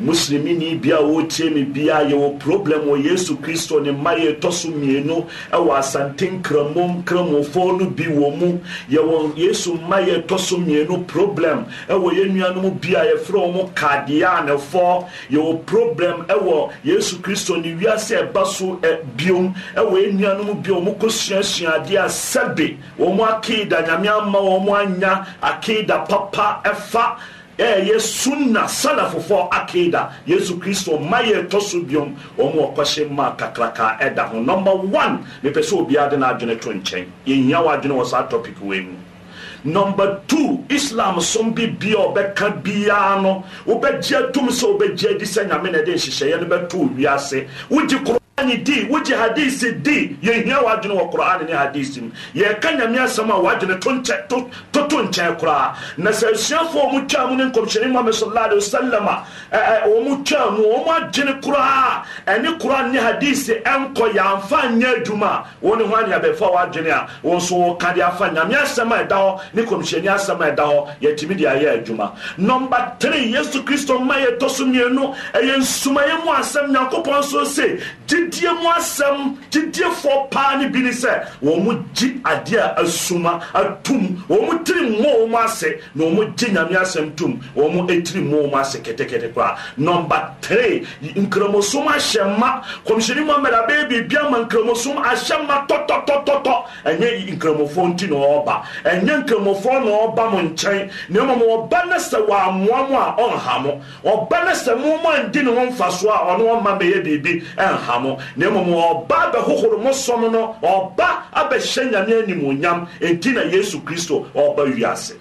muslimini bia wɔtie me bia yɛwɔ problem wɔ yesu kristo ne mma yɛ ɛtɔ so ɛwɔ asante nkramo nkramofoɔ no bi wɔ mu yɛwɔ yesu mma yɛ ɛtɔ so problem ɛwɔ yɛn nuanom bi a yɛfrɛ wɔn kadeanefoɔ yɛwɔ problem ɛwɔ yesu kristo ne wiase ɛba so biom ɛwɔ yɛn nuanom bi a wɔn kɔ suasua adeɛ a sɛbe wɔn akeeda nyame ama wɔn anya akeeda papa ɛfa ɛyɛ eh, sunna salafofoɔ akida yesu kristo ma yɛ ɛtɔ so biom wɔn wɔkɔhye ma kakraka ɛda ho nɔmba one mepɛ sɛ obiara de n'adwene to nkyɛn yɛnyia w'adwene wɔ saa topic wei mu nɔmba two islam som bi bia ɔbɛka biara no wobɛgye atum sɛ wobɛgye adi sɛ nyame na ɛde nhyehyɛeɛ no bɛto wiase wogye koro Ani di wogye hadisi di yɛhia w'adwene wɔ korane ne hadisi mu yɛka nyame asɛm a w'adwene toto nkyɛn koraa na sɛ asuafoɔ ɔmu twaa mu ne nkɔmhyɛne muhammad sallallahu alaihi wasallam a ɔmu e, twaa e, mu ɔmu adwene koraa ɛne koraa ne hadisi ɛnkɔ yɛamfa nyɛ adwuma wɔn ne ho ane abɛfa w'adwene a wɔn nso wɔka de afa nyame asɛm a ɛda hɔ ne nkɔmhyɛne asɛm a ɛda hɔ yɛtumi de ayɛ adwuma nɔmba tiri yesu kristo mma yɛtɔ so mmienu ɛyɛ e, nsumayɛ mu asɛm nyankopɔn nso se gyi gyidie mu asɛm gyidiefoɔ paa ne bi ne sɛ wɔn mo gye adeɛ a asuma atum wɔn mo tiri mmɔɔ mu ase na wɔn mo gye nyame asɛm tum wɔn mo tiri mmɔɔ mu ase kɛtɛkɛtɛ koraa nɔmba three nkramosom ahyɛ ma kɔmhyɛni mohammed abɛɛ biribi ama nkramosom ahyɛ ma tɔtɔtɔtɔtɔ ɛnyɛ nkramofoɔ nti na ɔreba ɛnyɛ nkramofoɔ na ɔreba mo nkyɛn na mmom ɔba ne sɛ wɔamoa mo a ɔnha mo ɔba ne sɛ mo mo andi ne ho mfa so a ɔno ɔma bɛyɛ biribi ɛnha mo na mmom ɔba bɛhohoro mo som no ɔba abɛhyɛ nyame animuonyam enti na yesu kristo ɔba wiase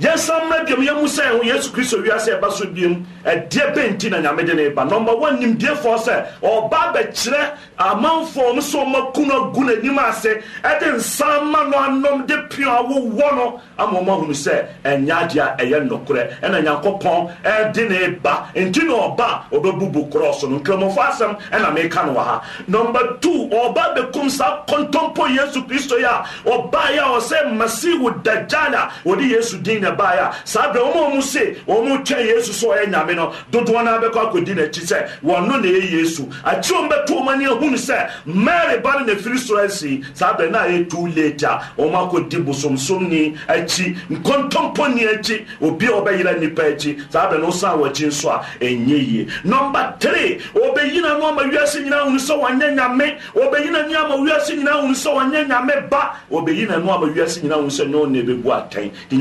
yɛnsa mmerɛ biom yɛmu sɛ yesu kristo wiase ɛba so biom ɛdeɛ bɛ nti na nyame de ne ba nɔmba one nimdeɛfoɔ sɛ ɔba bɛkyerɛ amanfoɔ no sɛ ɔma ku no agu n'anim ase ɛde nsa ma no anom de pio a wowɔ no ama ɔma hunu sɛ ɛnyɛ adeɛ a ɛyɛ nnokorɛ ɛna nyankopɔn ɛde ne ba nti na ɔba ɔbɛbubu korɔ no nkramɔfo asɛm ɛna meka no wɔ ha nɔmba two ɔba bɛkum saa kɔntɔmpo yesu kristo yi a ɔbaeɛ a ɔsɛ masiwo dagyala wɔde yesu din na ɛbaeɛ a saa berɛ wɔma ɔmu se wɔmu twɛn yesu sɛ ɔyɛ nyame no dodoɔ no bɛkɔ akɔdi n'akyi sɛ wɔno na ɛyɛ yesu akyirɛ m bɛto ɔma ne ahunu sɛ mary ba no na firi soro asi saa berɛ na ayɛ too late a wɔma akɔdi bosomsomni akyi nkɔntɔmpɔni akyi obi a wɔbɛyera nnipa akyi saa berɛ no wosan wɔakyi nso a ɛnyɛ yie nɔmba 3 wɔbɛyina no ama wiase nyinaa hunu sɛ wɔnyɛ nyame wɔbɛyina no ama wiase nyinaa hunu sɛ wɔnyɛ nyame ba wɔbɛyina no ama wiase nyinaa hunu sɛ ne ɔne bɛbu atɛn de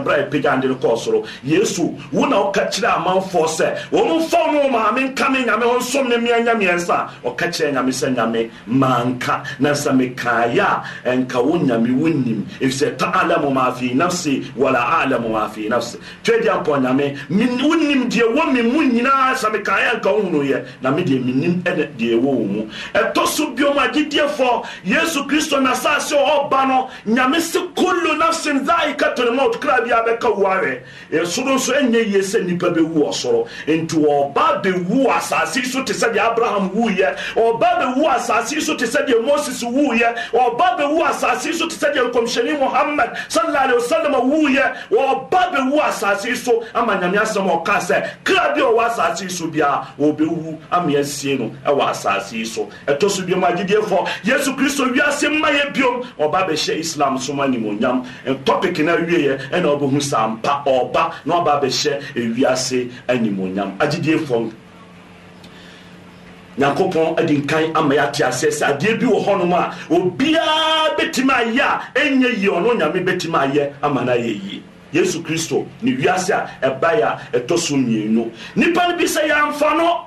no bra yɛpagya ande no kɔɔ soro yesu wo na woka kyerɛ amanfoɔ sɛ wɔn mfa no maame nka me nyame wɔnsom ne mmea nya mmiɛnsa a ɔka kyerɛ nyame sɛ nyame manka na sɛ mekaeɛ a ɛnka wo nyame wonim ɛfiri sɛ taalamu ma fi nafsi wala alamu ma fi nafsi twɛ deɛ mpɔ nyame wonim deɛ wɔ me mu nyinaa sɛ mekaeɛ a nka wohunuyɛ na me deɛ menim ɛne deɛ ɛwɔ wo mu ɛtɔ so biom agyediefoɔ yesu kristo nasase ɔba no nyame se kullu nafsin dhaikatul maut kra awurade abɛka wua rɛ ɛsoro nso ɛnyɛ yie sɛ nnipa bɛwu ɔsoro nti ɔba bɛwu asase yi so te sɛdeɛ abraham wuyɛ ɔba bɛwu asase yi so te sɛdeɛ moses wuyɛ ɔba bɛwu asase yi so te sɛdeɛ nkɔmhyɛni mohammad sallallahu alaihi wasallam wuyɛ ɔba bɛwu asase yi so ama nyame asɛm ɔka sɛ kra bi ɔwɔ asase yi so biara ɔbɛwu ama yɛasie no ɛwɔ asase so ɛtɔ so biom agyediefoɔ yesu kristo wiase mma yɛ biom ɔba bɛhyɛ islam so ma nimonyam topic no awieɛ ɛna wabɛhu saa mpa ɔba na waba abɛhyɛ ewiase animonyam agyediefoɔ nyankopɔn adi nkan ama yɛate aseɛ sɛ adeɛ bi wɔ hɔnom a obiara bɛtumi ayɛ a ɛnyɛ yie ɔno nyame bɛtumi ayɛ ama no ayɛ yie yesu kristo ne wiase a ɛbaeɛ a ɛtɔ so mmienu nnipa no bi sɛ yɛamfa no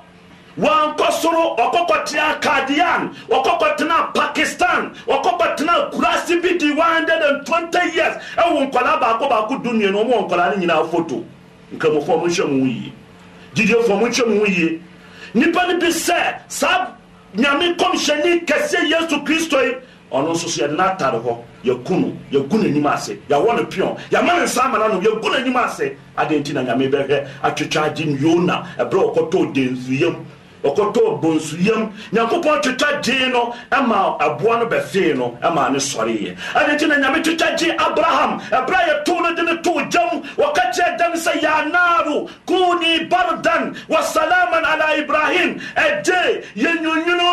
wankɔsoro wɔkɔkɔ tena kadian wɔkɔkɔ tena pakistan wɔkɔkɔ tena kurasi bi di one hundred and twenty years ɛwɔ nkɔla baako baako du nìyɛn wɔn nkɔla ne nyinaa foto nkɛmɔfɔ mo nhyɛ mo yie didiɛfɔ mo nhyɛ mo yie nipa ni bi sɛ saa nyame kɔmhyɛni kɛseɛ yesu kristo yi ɔno nso so yɛde n'atare hɔ yɛku no yɛgu n'anim ase yɛwɔ no pion yɛma ne nsa ama n'anom yɛgu n'anim ase adeɛ nti na nyame bɛhwɛ atwitwa agye ne yona ɛberɛ wɔkɔtɔɔ ɔkɔtɔɔ bonsuyam nyankopɔn twitwa gyee no ɛma ɛboa no bɛfee no ɛma ne sɔreeɛ ɛne nti na nyame twitwa gyee abraham ɛberɛ a yɛtoo no de ne too gyam wɔka kyerɛ dan sɛ yaanaaro kuni bardan wasalaman ala ibrahim ɛgye yɛnwunwunu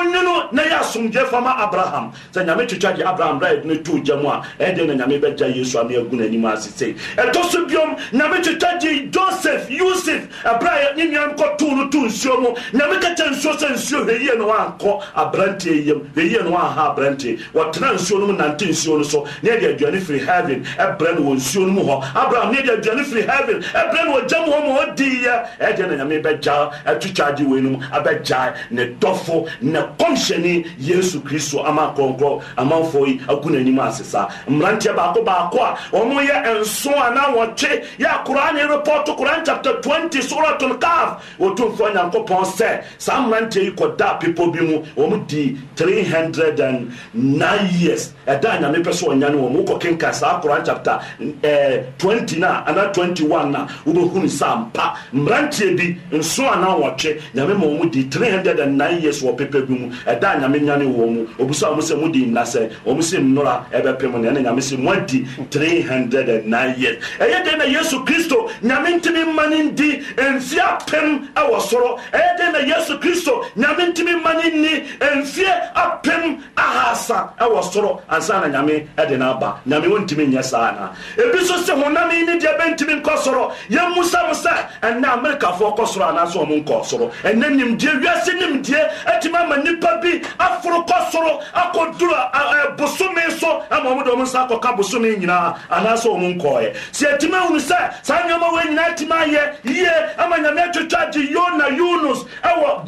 asomdwe fama abraham sɛ nyame twitwa de abraham bra ne too gya mu a ɛdeɛ na nyame bɛgya yesu ame agu n'anim ase sei ɛtɔ so biom nyame twitwa de joseph yusuf ɛbra ne nua nkɔ too no to nsuo mu nyame kakyɛ nsuo sɛ nsuo hɛyie no ankɔ aberanteɛ yam hɛyie no anha aberanteɛ wɔtena nsuo no mu nante nsuo no so ne ɛde aduane firi heaven ɛbrɛ no wɔ nsuo no mu hɔ abraham ne ɛde aduane firi heaven ɛbrɛ no wɔgya mu hɔ ma ɔdiiɛ ɛdeɛ na nyame bɛgya atwitwa agye wei no mu abɛgyae ne dɔfo ne kɔmhyɛni yesu kristo ama kɔnkɔ amanfoɔ yi agu n'anim asesa mmeranteɛ baako baako a wɔn yɛ nson anaa wɔtwe yɛ akoraa ne report koraa chapter twenty soratun calf wɔtumfoɔ nyankopɔn sɛ saa mmeranteɛ yi kɔda bepɔ bi mu wɔn di three hundred and nine years ɛda anyame pɛ so ɔnyane wɔn wokɔ kenka saa koraa chapter ɛɛ twenty na anaa twenty one na wobɛhunu saa mpa mmeranteɛ bi nson anaa wɔtwe nyame ma wɔn di three hundred and nine years wɔ pepɛ bi mu ɛda anyame bɛnyane wɔ mu obisa ɔmo sɛ modi nna sɛ ɔmo se nnora ɛbɛpem no ɛne nyame se moadi 309 years ɛyɛ dɛn na yesu kristo nyame ntimi mma ne ndi mfie apem ɛwɔ soro ɛyɛ dɛn na yesu kristo nyame ntimi mma ne nni mfie apem ahasa ɛwɔ soro ansa na nyame ɛde no aba nyame wɔntimi nyɛ saa na ebi so se honam yi ne deɛ bɛntimi nkɔ soro yɛmmu sa mo sɛ ɛnɛ amerikafoɔ kɔ soro anaasɛ ɔmo nkɔ soro ɛnɛ nimdeɛ wiase nimdeɛ atumi ama nnipa bi aforo kɔ soro akɔ duro ɛɛ bosome so ama ɔmo de ɔmo nsa akɔ ka bosome nyinaa anaasɛ ɔmo nkɔɔɛ si etimi ehun sɛ saa nneɛma wo nyinaa etimi ayɛ yie ama nyame etwitwa agye yona yunus ɛwɔ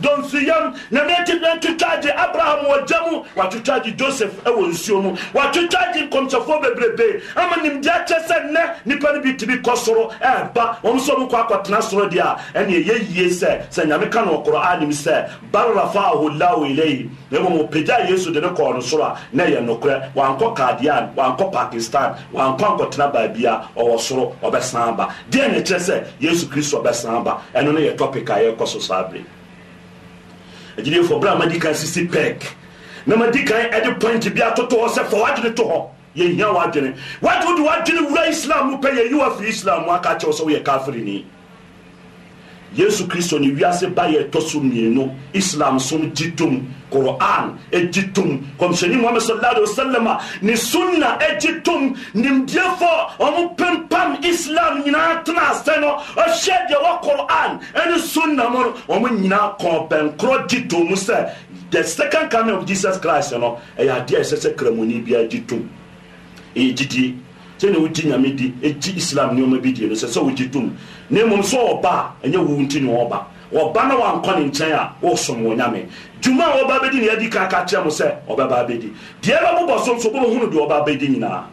donsiyam nyame etwitwa agye abraham wɔ gya mu watwitwa agye joseph ɛwɔ nsuo mu watwitwa agye nkɔmhyɛfoɔ bebrebe ama nimdeɛ kyɛ sɛ nnɛ nipa no bi tibi kɔ soro ɛɛba ɔmo nso ɔmo kɔ akɔtena soro deɛ a ɛnna ɛyɛ yie bi na mmom pagya yesu de ne kɔɔ no soro a na ɛyɛ nokorɛ wankɔ kadean wankɔ pakistan wankɔ ankɔtena baabi a ɔwɔ soro ɔbɛsan aba deɛ ne kyerɛ sɛ yesu kristo ɔbɛsan aba ɛno no yɛ topic a yɛkɔ so saa bere agyidiefoɔ berɛ a madi kan sisi pɛk na madi kan ɛde point bi atoto hɔ sɛ fa wadwene to hɔ yɛhia wadwene wate wadwene wura islam mu pɛ yɛyi wa islam mu aka kyɛw sɛ woyɛ kafiri yesu kristo ni wiase ba yɛ ɛtɔ so mmienu islam som gyi tom quran ɛgyi tom kɔmhyɛni muhammad sallallahu alaihi wasallam a ne sunna ɛgyi tom nimdiɛfo ɔmo pempam islam nyinaa tena ase no ɔhyɛ deɛ wɔ quran ɛne sunna mu no ɔmo nyinaa kɔɔbɛnkorɔ gyi tom sɛ the second coming of jesus christ no ɛyɛ adeɛ a ɛsɛ sɛ kramoni biara gyi tom ɛyɛ gyidie kyɛ na wogye nyame di gye islam nneɔma bi die no sɛ sɛ wogye tom na mmom sɛ ɔba a ɛnyɛ wo nti ne ɔba ɔba na wankɔ ne nkyɛn a wɔsom wɔ nyame dwuma a ɔba bɛdi ne yɛdi ka ka kyerɛ mo sɛ ɔbɛba bɛdi deɛ ɛbɛbobɔ so nso wobɛhunu deɛ ɔba bɛdi nyinaa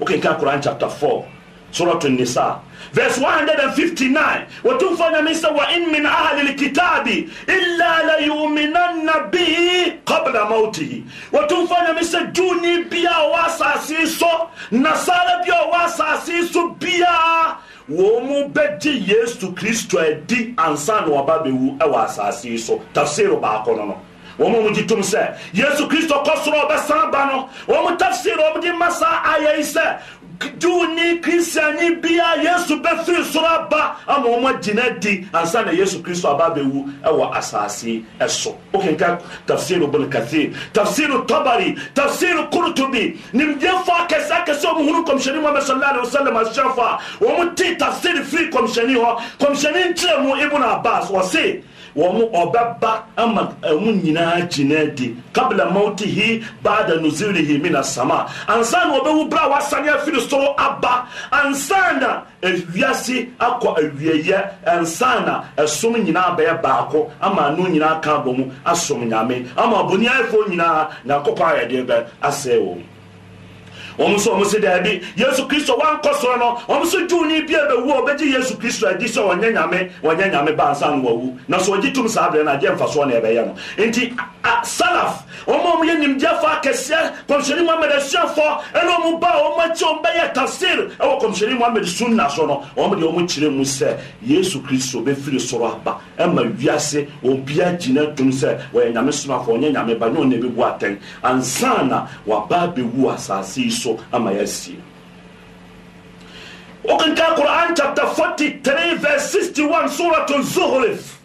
wokenka koran chapter 4 suratu nisa verse 159 wɔtumfo nyame sɛ wa in min ahli lkitabi illa layuminanna bihi qabla mautihi wɔtumfo nyame sɛ Juni bia a ɔwɔ asase so nasara bia a asase so biaa wɔn mu bɛgye yesu kristo adi ansa na ɔba bɛwu ɛwɔ asase so tafsir baako no no wɔn mu gye tom sɛ yesu kristo kɔ soro ɔbɛsan ba no wɔn mu tafsir wɔn mu de ma saa ayɛ yi sɛ duuni kristiani bia yesu bɛfiri soro aba ama wɔn agyina di ansa na yesu kristo aba abɛwu ɛwɔ asaase ɛso okenka tafsiru bin kathir tafsiru tabari tafsiru kurtubi nimdefo akɛse akɛse a wɔn hunu kɔmhyɛni muhammed sallallahu alaihi wa sallam ahyɛnfo a wɔn ti tafsiri firi kɔmhyɛni hɔ kɔmhyɛni nkyerɛ mu ibn abbas wɔsi wɔn ɔbɛba ama ɛmu nyinaa gyina di kabla hi baada hi mina sama ansa na ɔbɛwu bere a wasane afiri soro aba ansa na ewiase akɔ awieyɛ ansa na ɛsom nyinaa bɛyɛ baako ama ano nyinaa ka abɔ mu asom nyame ama abɔni ayɛfo nyinaa na akɔkɔ ayɛdeɛ bɛ asɛe wɔn wɔn nso wɔn si daabi yesu kristo wankɔ soro no wɔn nso juuni bi a bɛwu a ɔbɛgye yesu kristo adi sɛ wɔnyɛ nyame wɔnyɛ nyame bansa no wɔwu na so ɔgye tum saa abirɛ no agye mfasoɔ na ɛbɛyɛ no nti salaf wɔn a wɔyɛ nimdiafo akɛseɛ kɔmsɛni muhammed asuafo ɛna wɔn ba a wɔn akyi wɔn bɛyɛ tafsir ɛwɔ kɔmsɛni muhammed sunna so no wɔn de wɔn kyerɛ mu sɛ yesu kristo bɛfiri soro aba ɛma wiase obia gyina tum sɛ wɔyɛ nyame somafo wɔnyɛ nyame ba ne wɔn na ebi bu atɛn ansana waba abɛwu asase yi so so ama yaziyo ukikaa quran chapter 43 verse 61 suratu zuhrif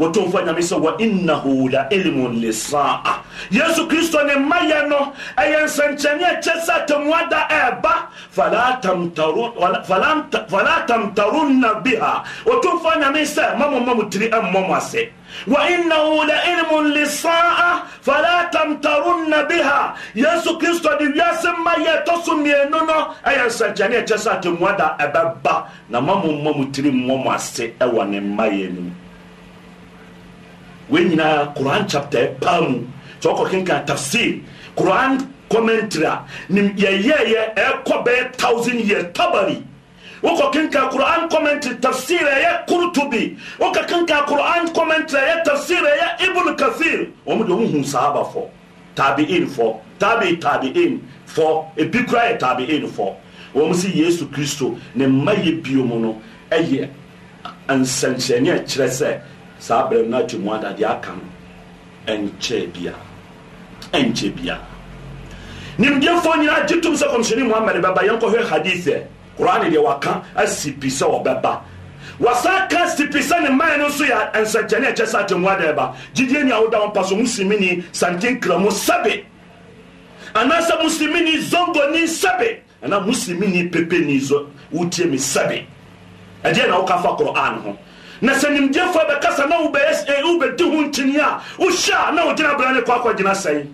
woto fa nyame sɛ wa innahu la ilmun lisaa yesu kristo ne mayɛ no ɛyɛ nsɛnkyɛnneɛ kyɛ sɛ atamuada ɛɛba fala tamtarunna biha woto fa nyame sɛ mamoma mu tiri ɛmmɔ mo ase wainahu la ilmun lisaa fala tamtarunna biha yesu kristo de wiase ma yɛ ɛtɔ so mmienu no ɛyɛ nsɛnkyɛnneɛ kyɛ sɛ atamuada ɛbɛba na mamoma mu tiri mmɔ ase ɛwɔ ne mmayɛ no wenyinaa quran chapter palmu sɛ ɔkɔ kenka tafsir quran commentary a nim yɛyɛɛyɛ ɛɛkɔ bɛyɛ thousand years tabari wokɔ kenka quran commentary tafsir ɛyɛ kurtubi wokɔ kenka quran commentary ɛyɛ tafsir ɛyɛ ibn kathir ɔmo de ɔmo hu saaba fɔ tabi'in fɔ tabi tabi'in fɔ ebi kura yɛ tabi'in fɔ wɔn si yesu kristo ne mma yɛ bio mu no ɛyɛ nsɛnkyerɛnne a kyerɛ sɛ saa berɛ no atwamu adadeɛ aka no ɛnkyɛɛ bia ɛnkyɛ bia nimdeɛfoɔ nyinaa gye tom sɛ kɔmhyɛne muhammad bɛba yɛnkɔhwɛ hadithɛ korane deɛ waka asipi sɛ ɔbɛba wasa ka sipi sɛ ne mmae no nso yɛ ɛnsɛnkyɛne ɛkyɛ sɛ atwamu ada ɛba gyidie ne awoda wo mpa so musimini santenkramu sɛbe anaasɛ musimini zongoni sɛbe anaa musimini pepeni wotie me sɛbe ɛdeɛ na woka fa korɔan ho na sɛ nimdeɛfoɔ bɛkasa na eh, wobɛdi ho ntini a wohyɛ a na wogyina bra ne kɔakɔgyina sɛe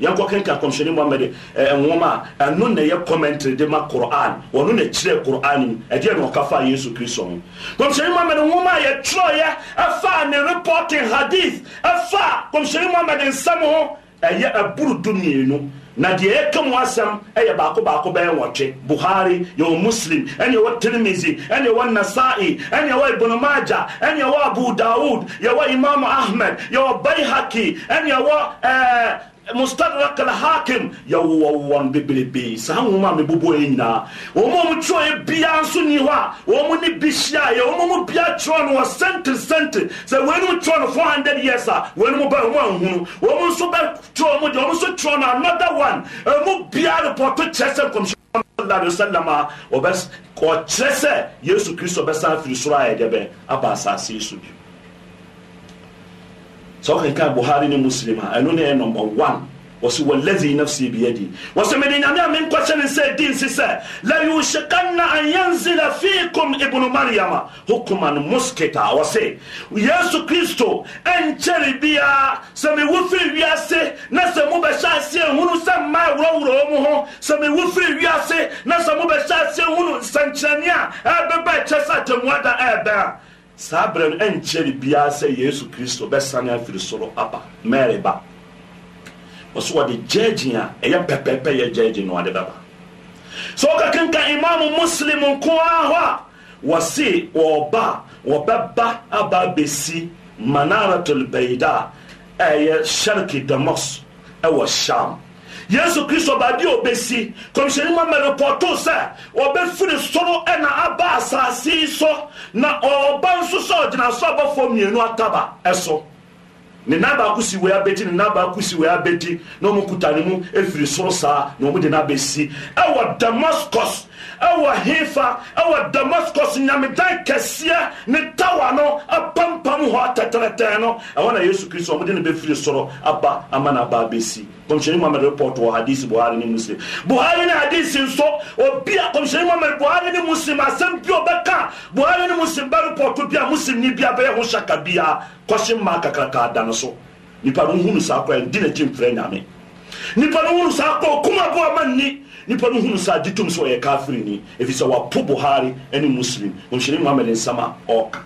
yɛnkɔ kenka kɔmhyɛne mohamad eh, eh, nwoma a ɛno na ɛyɛ commentary de ma quran wɔno na kyerɛ quran mu ɛdeɛ na ɔka faa yesu kristo ho kɔmhyɛne mohamad nwoma a yɛtwerɛyɛ ɛfaa ne reporting hadith ɛfaa kɔmhyɛne mohamad nsɛm ho ɛyɛ aburu du mmienu na deɛ ɛka mu asɛm ɛyɛ baako baako bɛyɛ wɔtwe buhari yɛwɔ muslim ɛne ɛwɔ tirmizi ɛne ɛwɔ nasai ɛne ɛwɔ ibnu maja ɛne ɛwɔ abu daud yɛwɔ imam ahmed yɛwɔ baihaki ɛne ɛwɔ mustadrak alhakim yɛwowɔ wɔn bebrebe saa nwoma a mebobɔ yɛ nyinaa wɔn mu twerɛ yɛ biara nso ni hɔ a wɔn ne bi hyia yɛ wɔn mu biara twerɛ no wɔ sente sente sɛ wɔn mu twerɛ no four hundred years a ah. wɔn mu bɛn wɔn ahunu wɔn nso bɛ twerɛ deɛ wɔn nso twerɛ no another one ɛmu e biara repɔto kyerɛ sɛ nkɔmhyɛ sallallahu alaihi wasallam a ɔbɛ ɔkyerɛ sɛ yesu kristo bɛsan afiri soro a yɛde e bɛ aba asase so bi sɛ wokenka buhari ni muslim a ɛno ne yɛ nɔmba one wɔsi wɔlɛdzi nafsi biyadi wɔsi mi ni nyame a mi nkɔhyɛ ne nsa di nsi sɛ layushikanna an yanzila fiikum ibnu hukuman muskita wɔsi yesu kristo ɛnkyɛre biara sɛ mi wiase na sɛ mo bɛhyɛ ase ehunu sɛ mmaa awurawura wɔn ho sɛ mi wiase na sɛ mo bɛhyɛ ase ehunu nsɛnkyerɛnni a ɛbɛbɛ kyɛ sɛ atemmuada ɛɛbɛn a saa berɛ no ɛnkyerɛ ne biara sɛ yesu kristo bɛsane afiri soro aba mary ba wɔso wɔde gyɛgye a ɛyɛ pɛpɛpɛ yɛ gyɛgye na wɔde bɛba sɛ wɔkakenka imam muslim nko ara hɔ a wɔse wɔba wɔbɛba aba abɛsi manaratul baida a ɛyɛ sharki damos ɛwɔ sham yesu kristo baabi obesi kɔmhyɛni muhammad pɔto sɛ ɔbɛfiri soro ɛna aba asase yi so na ɔba nso sɛ ɔgyina so abɔfoɔ mmienu ataba ɛso ne nan baako si wei abɛdi ne nan baako si wei abɛdi na ɔmo kuta ne mu efiri soro saa na ɔmo de no abɛsi ɛwɔ damascus ɛwɔ hefa ɛwɔ damascus nyamedan kɛseɛ ne tawa no apampam hɔ atɛtɛrɛtɛɛ no ɛhɔ na yesu kristo ɔmode ne bɛfiri soro aba ama no aba bɛsi kɔmhyɛne muhammad report wɔ hadisi buhari ne muslim buhari ne hadisi nso obi a kɔmhyɛne muhammad buhari ne muslim asɛm bi ɔbɛka buhari ne muslim ba report bi a muslim ni bia bɛyɛ ho hyaka bia kɔhye mma kakraka da no so nipa no hunu saa kora ɛndi n'akyi mfrɛ nyame nipa no hunu saa kora ɔkum aboa ma nni nipa no hunu sa agye tom sɛ ɔyɛ kafiri ni ɛfiri sɛ wapo buhari ne muslim ɔmhyɛne muhammad nsɛm a ɔka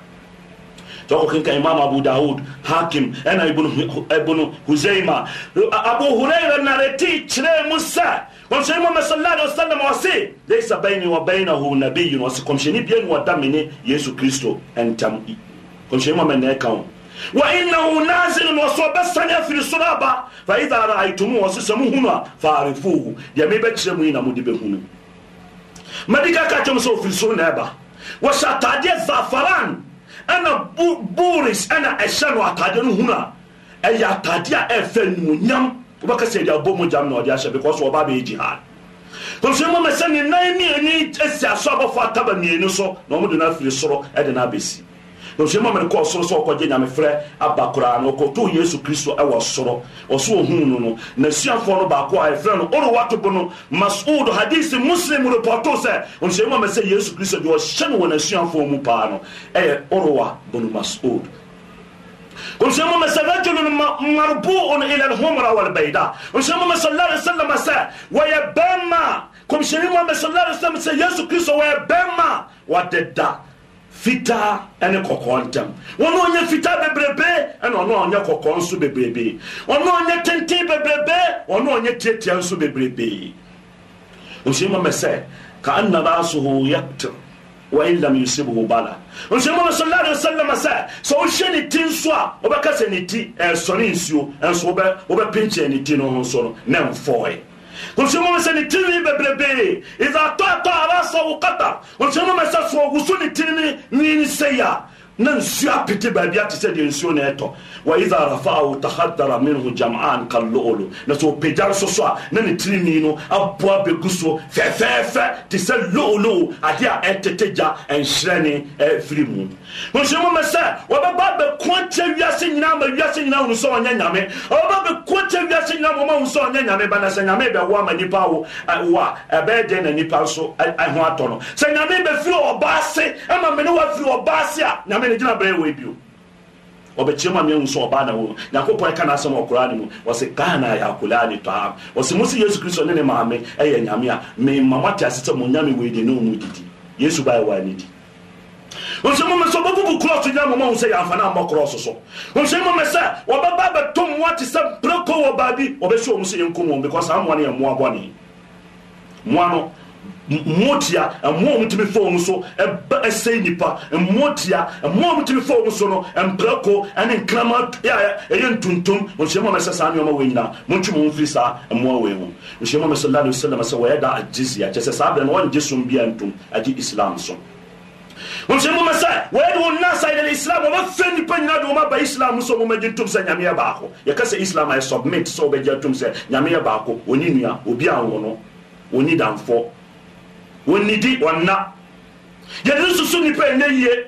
nti ɔkɔkenka imam abu daud hakim ɛna ibnu huzaima abu huraira nareti kyerɛɛ mu sɛ kɔmhyɛne muhammad sallallahu alaihi wasallam ɔse leisa baini wa bainahu nabiyun ɔse kɔmhyɛne bia ne wɔda me yesu kristo ɛntam kɔmhyɛne muhammad na ɛka wo وإنه نازل وصوبسني في الصلابة فإذا رأيتموه وسسموهنا فأعرفوه يمي بكرمين مدبهون مدقا كاتم سو في الصلابة وسأتعدي الزعفران أنا بوريس أنا أشان وأتعدي هنا أي أتعدي أفن منيم وبكسي دي أبو مجام نودي أشان بكوس وبا بي جهاد kòmsɛn mu mɛsɛn ni nan mmienu esi aso abɔfo ataba mmienu so na wɔn de no afiri soro ɛde no abɛsi na ɔhyɛ mu amene kɔ ɔsoro sɛ ɔkɔgye nyamefrɛ aba koraa no ɔkɔtoo yesu kristo ɛwɔ soro ɔso ɔhuu no no na suafoɔ no baako a ɛfrɛ no ɔrewatobo no masud hadisi muslim repɔtoo sɛ ɔnhyɛ mu amɛ sɛ yesu kristo deɛ ɔhyɛ no wɔ n'asuafoɔ mu paa no ɛyɛ ɔrewa bono masud ونسمى مثلا رجل مربوء الى الحمره والبيداء ونسمى مثلا الله عليه وسلم ويبما كم شريما مثلا الله عليه وسلم يسوع كريستو ويبما وددا fitaa ɛne kɔkɔɔ ntɛm wɔn a ɔnyɛ fitaa bebrebe ɛna ɔno a ɔnyɛ kɔkɔɔ nso bebrebe wɔn a ɔnyɛ tenten bebrebe wɔn a ɔnyɛ tietia nso bebrebe nsuo mama sɛ ka anna baasoho yɛpte wɔn lam yusibuhu bala nsuo mama sɔlɔ alayi sɛlɛm sɛ sɛ ɔhyɛ ne ti nso a ɔbɛka sɛ ne ti ɛsɔre nsuo ɛnso ɔbɛ ɔbɛ pinkyɛn ne ti no ho nso no ne nfɔɔe. nsemu mɛ sɛ ni tirini bebrebe iza tɔ tɔ sɔ wukata nsemu mɛ sɛ sɔ wusu ni tirini ni ni seya na nsuo apete baabi ate sɛ deɛ nsuo na ɛtɔ wa idha rafa'ahu tahaddara minhu jam'an kallu'lu na sɛ ɔpagya nso so a na ne tirinwi no aboa bɛgu so fɛfɛɛfɛ te sɛ lo'olo adeɛ a ɛtete gya ɛnhyerɛne ɛfiri mu nso mu mɛ sɛ wɔbɛba bɛko akyɛ wiase nyinaa ma wiase nyinaa hunu sɛ ɔnyɛ nyame ɔbɛba bɛko akyɛ wiase nyinaa ma ɔma sɛ ɔnyɛ nyame ba na sɛ nyame bɛwo ama nipa wo wa ɛbɛyɛ dɛn na nipa nso ho atɔ no sɛ nyame bɛfiri ɔba ase ɛma mene wafiri ɔba a nyame ne ne gyina berɛ wɔ bio o, ma meahu sɛ ɔbaa na wɔ mu nyankopɔn ɛka n'asɛm ɔkoraa ne mu wɔse kana yakulaa ne taam wɔse mo se yesu kristo ne ne maame ɛyɛ nyame a mema moate ase sɛ monyame weidie ne ɔmu didi yesu baa ɛwɔ ani di nhyɛ mu sɛ ɔbɛbubu krɔso gyina mɔmɔ sɛ yɛamfa no ammɔ so sɛ wɔbɛba te sɛ wɔ baabi ɔ mu sɛ yɛnkum saa mmoa no mmotia mmoa mu tumi fɔm so ɛba ɛsɛe nipa mmotia mmoa mu tumi fɔm so no mprako ɛne nkrama ɛyɛ ɛyɛ ntuntum nhyiamu amɛ sɛ saa nneɛma wɔ nyinaa montwe mo mfiri saa mmoa wɔ mu nhyiamu amɛ sɛ lalo sɛlɛm sɛ wɔyɛ da agyezia kyɛ sɛ saa berɛ no wɔngye som bia ntom agye islam so nhyiamu amɛ sɛ wɔyɛ de wɔn nasa yɛ islam wɔbɛfɛ nipa nyinaa de wɔn aba islam so wɔn agye ntom sɛ nyame yɛ baako sɛ islam ayɛ submit sɛ wɔbɛgye atom sɛ nyame yɛ baako oni obi a wɔn no oni wɔnnidi wɔnna yɛde susu nipa ɛnɛ yie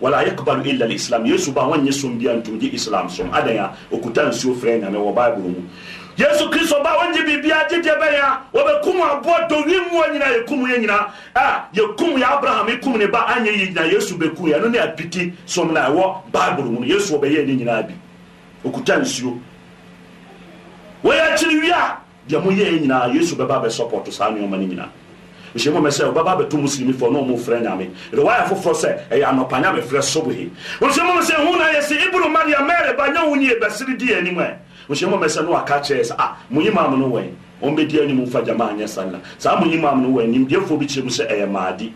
wala yakubalu illa islam yesu ba wɔn nyɛ som bia nto islam som adan a okuta nsuo frɛ nyame wɔ baibulu mu yesu kristo ba wɔn gye biribia gyegye bɛya wɔbɛkum aboɔ dɔwi mu nyina yɛkum yɛ nyina yɛkum yɛ abraham yɛkum ne ba anyɛ yɛ nyina yesu bɛku yɛ ɛno ne apiti som na ɛwɔ baibulu mu no yesu wɔbɛyɛ ne nyinaa bi okuta nsuo wɔyɛ akyiri wia deɛ mo nyinaa yesu bɛba bɛsɔpɔto saa nneɛma no nyinaa nhyiamu mɛsɛ wobɛba abɛto muslimifoɔ ne ɔmo frɛ nyame rewaya foforɔ sɛ ɛyɛ anɔpa nyame frɛ sobohe nhyiamu sɛ hu na yɛ sɛ ibru maria mɛrɛ ba nyɛ wo nie bɛsere di anim ɛ nhyiamu mɛsɛ ne waka kyerɛ sɛ a monyi mo no wɛn ɔmbɛdi anim mfa gyama anyɛ salla saa monyi mo no wɛn nimdeɛfoɔ bi kyerɛ mu sɛ ɛyɛ maadi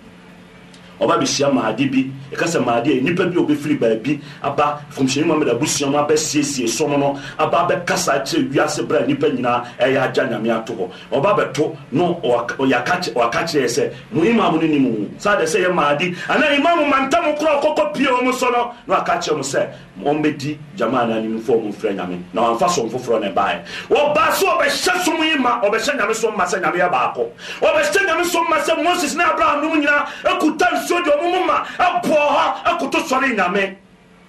ɔba bɛhyia maade bi ɛka sɛ maade a nipa bi a ɔbɛfiri baabi aba fomhyɛni mohammed abusua mu abɛsiesie som no aba bɛkasa kyerɛ wiase berɛ a nipa nyinaa ɛyɛ agya nyame ato hɔ ɔba bɛto no ɔyɛka kyerɛ sɛ mo imam no nim wo saa de sɛ yɛ maade anaa imam manta mo korɔ ɔkɔkɔ pie ɔ mu so no na ɔka kyerɛ mo sɛ ɔmbɛdi jamaa no animfo ɔ mu mfrɛ nyame na wɔamfa som foforɔ ne baɛ wɔba so ɔbɛhyɛ som yi ma ɔbɛhyɛ nyame som ma sɛ nyame yɛ baakɔ ɔbɛhyɛ nyame som ma sɛ moses ne abraham nom nyinaa akuta nsuo deɛ ɔmo mo ma ɛbɔ hɔ akoto sɔre nyame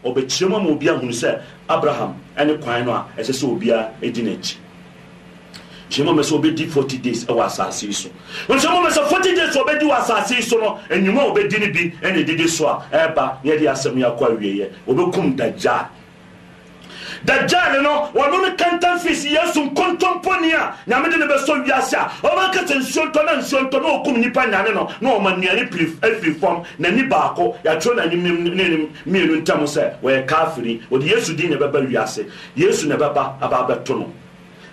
ɔbɛkyerɛ mu ama obi ahunu sɛ abraham ɛne kwan no a ɛsɛ sɛ obiara ɛdi n'akyi nhyɛnmu mɛ sɛ ɔbɛdi forty days ɛwɔ asase yi so nhyɛnmu mɛ sɛ forty days ɔbɛdi wɔ asase yi so no enyimɔ ɔbɛdi ni bi ɛna edidi so a ɛɛba yɛde asɛm yɛ akɔ awieɛ ɔbɛkum dagyaa dajjal no wɔno ne kantan fis yesu nkontompɔni a nyame de ne bɛsɔ wiase a ɔbɛka sɛ nsuontɔ na nsuontɔ na ɔkum nnipa nyane no eh, na ɔma nnuane afiri fam n'ani baako yɛatwerɛ n'anim ne mmienu ntam sɛ wɔyɛ kafiri wɔde yesu din ne bɛba wiase yesu ne bɛba aba abɛto no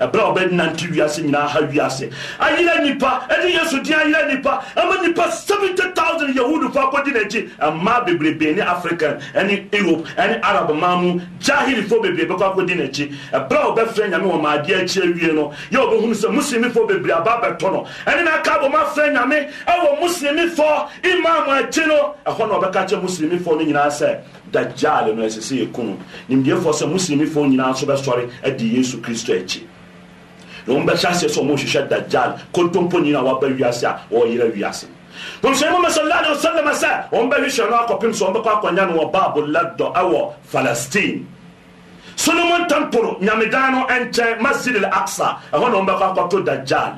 ɛberɛ a wɔbɛnante wiase nyinaa ha wiase ayerɛ nnipa ɛne yesu din ayerɛ nipa, ama nipa 70000 yahudu fa akɔgye n'akyi ɛmaa bebrebee ne african ɛne europe ɛne arab ma mu jahilifoɔ bebree bɛkɔ akɔdi n'akyi ɛberɛ a wɔbɛfrɛ nyame wɔ maadeɛ akyi awie no yɛ wɔbɛhunu sɛ muslimifoɔ bebree aba bɛtɔ no ɛne na aka bɔ mafrɛ nyame ɛwɔ muslimifoɔ imam akyi no ɛhɔ na wɔbɛka kyɛ muslimifoɔ no nyinaa sɛ dagyale no ɛsɛ sɛ yɛkunu nimdeɛfoɔ sɛ muslimifoɔ nyinaa nso bɛsɔre adi yesu kristo akyi lòun bɛ hyɛ aseɛ sɛ ɔmo hyehyɛ dajal kontompo nyina waba wiase a ɔyerɛ wiase kòmsɛn mu masala ni ɔsɛlɛmɛ sɛ ɔn bɛ hyehyɛ no akɔpem sɛ ɔn bɛ kɔ akɔnya no wɔ baabu ladɔ ɛwɔ falastin solomon temple nyamedan no ɛnkyɛn masjid al-aqsa ɛhɔ na ɔn bɛ kɔ akɔto dajal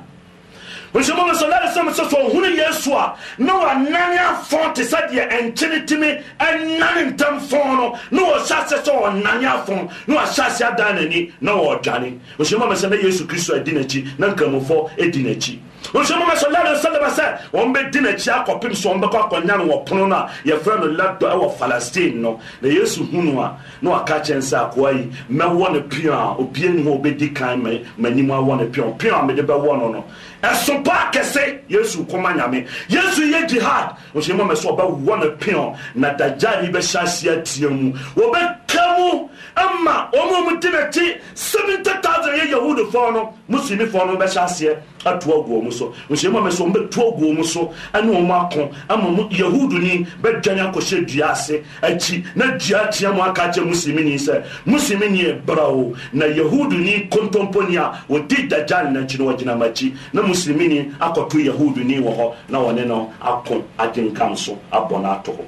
nsɛmɔmɛ sɛ lare sɛm sɛ sɛ ɔhunu yesu a na wanane afɔ te sɛ deɛ ɛnkyene timi ɛnane ntam fɔn no na wɔhyɛ ase sɛ ɔnane afɔ na wahyɛ ase adan n'ani na wɔɔdwane nsɛmɔmɛ sɛ na yesu kristo adi n'akyi na nkamufɔ adi n'akyi nsọmọmọ sọlá sọlá sẹ wọn bɛ di n'akyi akɔpem so wọn bɛ kɔ akɔnya no wɔ pono no a no ladɔ ɛwɔ falastin no na yesu hunu a na waka kyɛn sɛ akoa yi mɛwɔ no pio a obie ni hɔ obɛdi kan m'anim awɔ no pio pio a mede bɛwɔ no no ɛso pa akɛse yesu kɔma nyame yesu yɛ jihad nsọmọmọ sɛ ɔbɛwɔ no pio na dagya yi bɛhyɛ aseɛ tie mu wɔbɛka mu ama wɔn a wɔdi n'akyi seventy thousand yɛ yahudu fɔɔ no musulmi fɔɔ no bɛhyɛ aseɛ atu agu wɔn so nhyɛn mu a mɛsɛ wɔn bɛtu agu wɔn so ɛne wɔn ako ama mu yahudu ni bɛdwan akɔhyɛ dua ase akyi na dua tia mu aka kyɛ musulmi ni sɛ musulmi ni yɛ e brawo na yahudu ni kontompo ni a wɔdi dagya ne n'akyi na wɔgyina mu na musulmi ni akɔto yahudu ni wɔ hɔ na wɔne no ako agyenkan so abɔ n'ato hɔ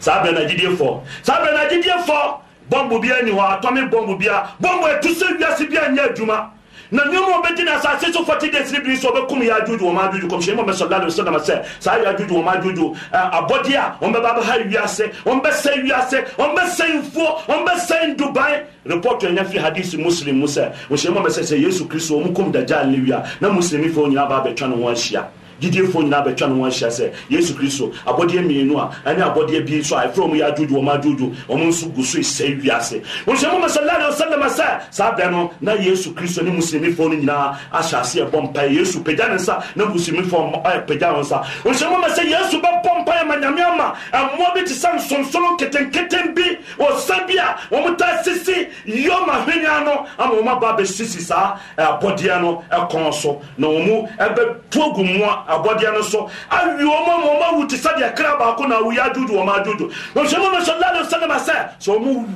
saa bɛn na agyidiefo saa bɛn na agyidiefo bɔmbu bia ni hɔ atɔmi bɔmbu bia bɔmbu etu eh, se wiase bia nyɛ adwuma na nneɛma a wɔbɛdi n'asase so fɔti de siri bi so ɔbɛkum yɛ adwudwu wɔn adwudwu kɔmhyɛn mu ɔmɛsɔ lalo sɛ dama sɛ saa yɛ adwudwu wɔn adwudwu abɔde a wɔn bɛba abɛha wiase wɔn bɛsɛ wiase wɔn bɛsɛ nfuo wɔn bɛsɛ nduban report yɛn firi hadisi muslim mu sɛ kɔmhyɛn mu ɔmɛsɛ sɛ yesu kristu wɔn kum dajal wia na muslim fo nyinaa ba abɛtwa ne ho ahyia gyidiefo nyinaa bɛtwa ne ho ahyia sɛ yesu kristo abɔdeɛ mmienu a ɛne abɔdeɛ bi nso a ɛfrɛ mu yɛ adwodwo wɔn adwodwo wɔn nso gu so esɛ wiase wɔnhyɛ mu masalaa na ɔsɛlɛm sɛ saa bɛn no na yesu kristo ne musulmifoɔ no nyinaa ahyɛ ase ɛbɔ mpaeɛ yesu pagya ne nsa na musulmifoɔ ɛyɛ pagya wɔn nsa wɔnhyɛ mu ma sɛ yesu bɛbɔ mpaeɛ ma nyame ama ɛmmoa bi te sɛ nsonsono ketenketen bi ɔsa bi a wɔn ta sisi yɔma hwenya no ama wɔn aba abɛsisi saa ɛbɔdeɛ no ɛkɔn so na wɔn mu ɛbɛtu agu mmoa abɔdeɛ no so awie ɔma ma ɔma wu te sɛdeɛ kra baako na awu yɛ adwodwo ɔma adwodwo ɔhyɛ mu no sɛ lalo sɛnema sɛ sɛ ɔmo wu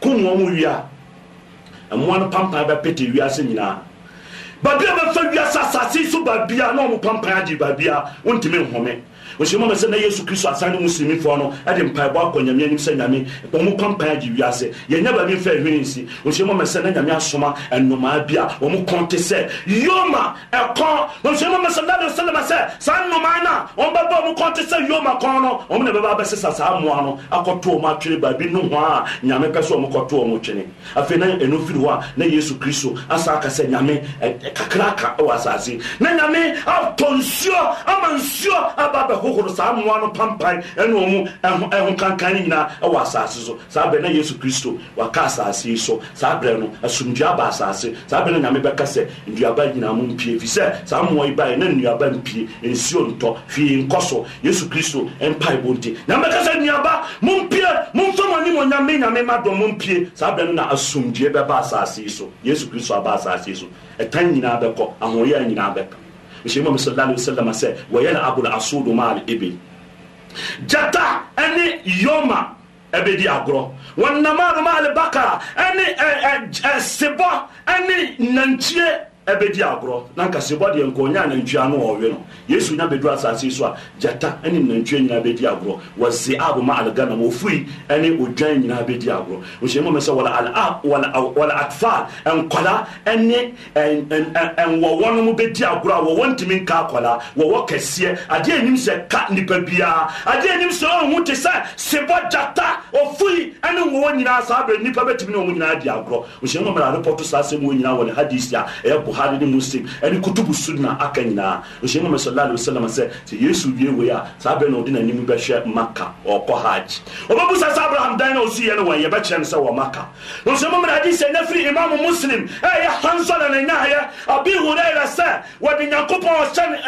kum ɔmo wie a ɛmmoa no pampan bɛpete wiase nyinaa baabi a bɛfa wiase asase so baabia na ɔmo pampan agye baabia wontumi nhome ɔhyɛmu ma sɛ na yesu kristo asan ne muslimifoɔ no ɛde mpaebɔ akɔ nyame anim sɛ nyame ɔmo kɔ mpae agye wiase yɛnyɛ baabi mfa ahwene nsi ɔhyɛmu ma sɛ na nyame asoma ɛnomaa bi a ɔmo kɔn te sɛ yoma ɛkɔn ɔhyɛmu ma na de sɛlema sɛ saa nnomaa no a ɔmbɛbɛ ɔmo kɔn te sɛ yoma kɔn no ɔmo na bɛba abɛsesa saa mmoa no akɔto ɔmo atwene baabi no ho a nyame pɛ sɛ ɔmo kɔto ɔmo twene afei na ɛno firi hɔ a na yesu kristo asa aka sɛ nyame kakraka wɔ asase na nyame atɔ nsuo ama nsuo aba bɛhɔ ahohoro saa mmoa no pampan ɛne ɔmu ɛho kankan no nyinaa ɛwɔ asase so saa berɛ na yesu kristo waka asase yi so saa berɛ no asomdua aba asase saa berɛ na nyame bɛka sɛ nnuaba nyinaa mu mpie fi sɛ saa mmoa yi baɛ na nnuaba mpie nsuo ntɔ fii nkɔ so yesu kristo mpaebɔ nti nyame bɛka sɛ nnuaba mompie momfa mo anim onyame nyame ma dɔ mompie saa berɛ no na asomdue bɛba asase yi so yesu kristo aba asase yi so ɛtan nyinaa bɛkɔ ahoyɛ nyinaa bɛka Mheshimiwa sallallahu alaihi wasallam sɛ wayalabu lasudu ma alibil jata ɛne yoma ɛbɛdi agorɔ wanamaru ma bakara ɛne eh, eh, eh, sebɔ ɛne nantie ɛbɛdi agorɔ na nkasi bɔ deɛ nka ɔnya anantwie ano ɔwe no yesu nya bɛdu asase so a gyata ne nantwie nyinaa bɛdi agorɔ wɔze abo ma alganam ofui ne odwan nyinaa bɛdi agorɔ ohyɛ mu sɛ wɔla atfal nkɔla ne nwɔwɔ no mu bɛdi agorɔ a wɔwɔ ntumi nka akɔla wɔwɔ kɛseɛ adeɛ anim sɛ ka nipa biara adeɛ anim sɛ ɔhu te sɛ sebɔ gyata ofui ne nwɔwɔ nyinaa saa bɛ nipa bɛtumi ne wɔn nyinaa di agorɔ ohyɛ mu mmerɛ adepɔto saa asɛm wɔ nyinaa wɔ ne hadisi a ɛyɛ buhari ne muslim ɛne kutubu sunna aka nyinaa nhyɛ mu sallallahu alaihi wasallam sɛ sɛ yesu wie wei a saa bɛn na ɔde n'anim bɛhwɛ maka ɔkɔ hajj ɔbɛbu sɛ sɛ abraham dan na ɔsiiɛ no wɔn yɛbɛkyerɛ no sɛ wɔ maka nhyɛ mu mmerɛ sɛ na firi imam muslim ɛyɛ hansɔla na nyahayɛ abi huraira sɛ wɔde nyankopɔn ɔhyɛ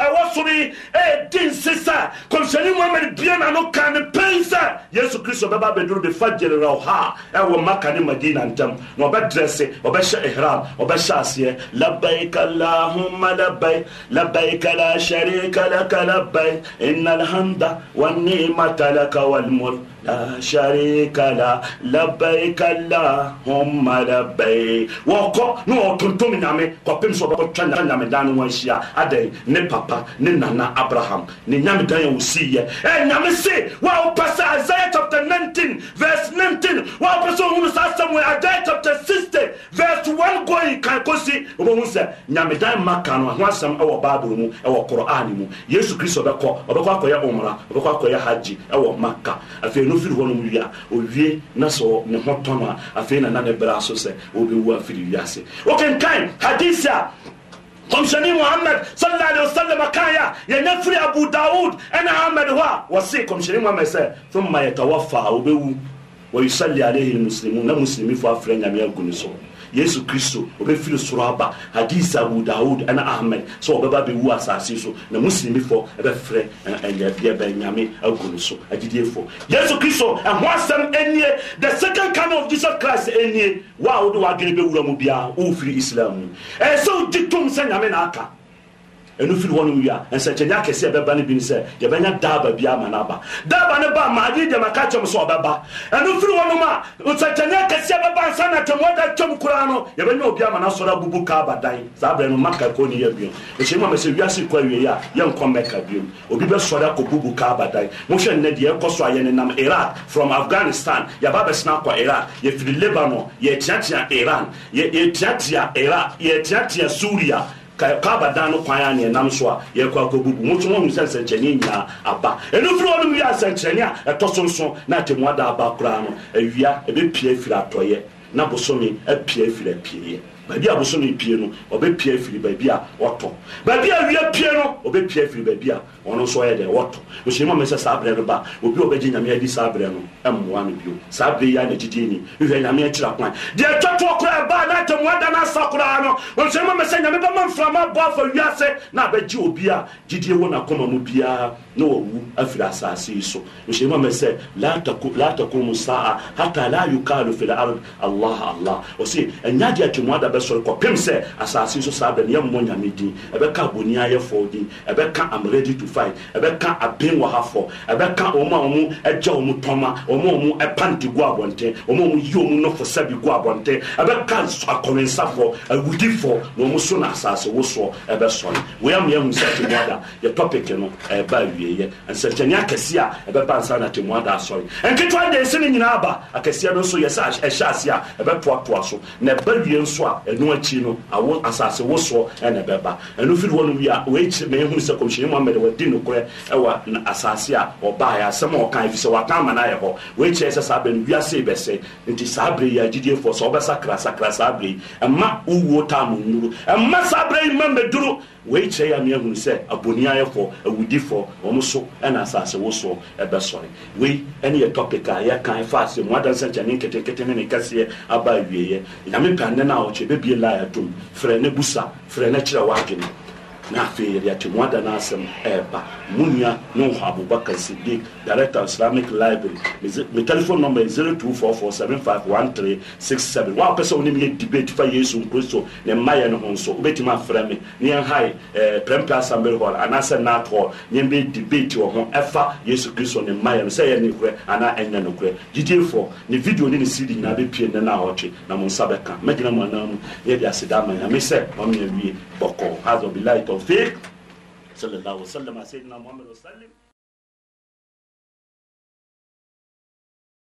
ɛwɔ soro yi ɛdi nse sɛ kɔmhyɛni muhammed bie n'ano kan ne pɛn sɛ yesu kristo bɛba abɛduru de fa gyerɛ ha ɛwɔ maka ne madina ntam na ɔbɛdrɛse ɔbɛhyɛ ihram ɔbɛhyɛ aseɛ لبيك اللهم لبيك لبيك لا شريك لك لبيك إن الحمد والنعمة لك والملك لا شريك له لبيك اللهم لبيك wɔkɔ ne ɔtontom nyame kɔpem sɛ ɔbɛkɔtwa nyamedan no ho ahyia adɛn ne papa ne nana abraham ne nyamedan a wɔsiiyɛ ɛ nyame se wa wopɛ sɛ isaia chapter 19 verse 19 wa wopɛ sɛ ɔhunu saa asɛm chapter 60 verse 1 going kan kɔsi wobɛhu sɛ nyamedan ma ka no ho asɛm ɛwɔ bible mu ɛwɔ korɔane mu yesu kristo bɛkɔ ɔbɛkɔ akɔyɛ omra ɔbɛkɔ akɔyɛ hagye ɛwɔ maka afei n'ofiri hɔ nom wia owie na sɛ ne ho tɔn a afei na na ne berɛ so sɛ wɔbɛwu afiri wiase wokenkan hadis a kɔmhyɛne mohamad sallallahu alaihi wasallam kaeɛ a yɛnya firi abu daud ɛne ahmad hɔ a wɔse kɔmhyɛne mohamad sɛ thumma yatawafa a wobɛwu wayusalli alaihi lmuslimun na muslimifoɔ afrɛ nyame agu ne so yesu kristo ɔbɛfiri soro aba hadis abu daud ɛna ahmed sɛ ɔbɛba bɛwu asase so na musilimifoɔ ɛbɛfrɛ ɛnyɛdeɛ eh, eh, bɛnyame agu no so agyidiefoɔ yesu kristo ɛho asɛm ɛnie the second kind of jesus christ ɛnie wo a wode w'adwene bɛwura mu biara wofiri islam mu ɛɛ sɛ wogye tom sɛ nyame na aka ɛno firi hɔ no wia nsɛnkyɛnni akɛse a ɛbɛba no bi ne sɛ yɛbɛnya daaba bi ama no aba daaba no ba ma agye gyama ka kyɛm sɛ ɔbɛba ɛno firi hɔ no ma nsɛnkyɛnni akɛse a ɛbɛba nsa na tɛm wɔda twɛm koraa no yɛbɛnya obi ama no asɔre abubu ka aba dan saa berɛ no maka kɔ ne yɛ biom ɛhyɛ mu ama sɛ wiase kɔ awie a yɛnkɔ mɛka biom obi bɛsɔre akɔ bubu ka aba dan mohwɛ nnɛ deɛ ɛkɔ so a yɛnenam iraq from afghanistan yɛba bɛsena akɔ iraq yɛfiri lebanon yɛtiatia iran yɛtiatia iraq yɛtiatia suria kaaba dan no kwan a ne ɛnam so a yɛkɔ akɔbubu mo nso mohu sɛ nsɛnkyerɛnne nyinaa aba ɛno firi hɔnom wie asɛnkyerɛnne a ɛtɔ so nso na atemmuada aba koraa no awia pie afiri atɔeɛ na bosomi apie afiri apieeɛ baabi a bosom pie no ɔbɛpie afiri baabi a wɔtɔ baabi a wia pie no ɔbɛpie afiri baabi a ɔno nso ɔyɛ dɛ wɔtɔ ohyɛnmu a mesɛ saa berɛ no ba obi a ɔbɛgye nyame adi saa berɛ no ɛmmoa no bio saa berɛ yi a n'agyidie ni ehwɛ nyame akyira kwan deɛ ɛtwa toɔ koraa ɛbaa na atɛmu ada na asa ano no ohyɛnmu a mesɛ nyame bɛma mframa bɔ afa wiase na abɛgye obi a gyidie wɔ n'akoma mu biara na wɔwu afiri asase yi so ohyɛnmu a mesɛ laatakomu saa hata la yukalu fi la allah allah ɔsi ɛnya deɛ ɛbɛsɔre kɔpem sɛ asase nso saa bɛn yɛmmɔ nyame din ɛbɛka aboni ayɛfoɔ din ɛbɛka am ready to fight ɛbɛka aben wɔhafoɔ ɛbɛka wɔn a wɔn agya wɔn tɔma wɔn a wɔn ɛpante gu abɔnten wɔn a wɔn yi wɔn nɔfo sɛbi gu abɔnten ɛbɛka akɔwensafoɔ awudifoɔ na wɔn so na asase wosoɔ ɛbɛsɔre wɔyam yɛn nsa te mu ada yɛ tɔpiki no ɛɛba awieɛ nsɛnkyɛnni akɛse a ɛbɛba nsa na te mu ada asɔre nketewa de esi ne nyinaa aba akɛseɛ no nso yɛ sɛ ɛhyɛ ase a ɛbɛtoatoa so na ɛba wie nso a ɛno akyi no awo asase wosoɔ ɛna ɛbɛba ɛno firi hɔ nom yi a wɔakyiri mɛyɛhunu sɛ kɔmhyɛni mohamad wɔdi nokorɛ ɛwɔ asase a ɔbaeɛ asɛm a ɔka ɛfiri sɛ wɔaka ama no ayɛ hɔ wɔakyerɛ sɛ saa bɛno wiase bɛsɛ nti saa berɛ yi agyidiefoɔ sɛ wɔbɛsakra sakra saa berɛ yi ɛma wowuo taa mo nnuru ɛma saa berɛ yi ma mɛduru wei kyerɛ yɛ meahunu sɛ aboniayɛfoɔ awudifoɔ wɔn so ɛna asase wosoɔ ɛbɛsɔre wei ɛne yɛ topic a yɛkan fa ase mu adansankyɛ ne nketenkete ne ne kɛseɛ aba awieɛ nyame pɛ nne no a ɔkyɛ bɛbie laa ɛdom frɛ ne busa frɛ ne kyerɛ w'adwene n'afeere ti wãda na n sẽn pa munia ne wõ abubakar sidik directeur islamic library mi telephone number ye 0244751367 wa ka sẽn fa yeesu kristo ne n ma yɛ ne fõn so b ne yẽn hai prɛmpe hall a na n sẽn naag hall ɛfa yeesu kristo ne n ma sɛ yɛ ne kurɛ a na n yã ne ne video ne ne sidi nyinaa bɛ pie ne naagɔ tɩ na mosã bɛ kã me gẽna moa naam yẽ dɩ a sɩdaamã yã sɛ mam yã wie التوفيق صلى الله وسلم على سيدنا محمد وسلم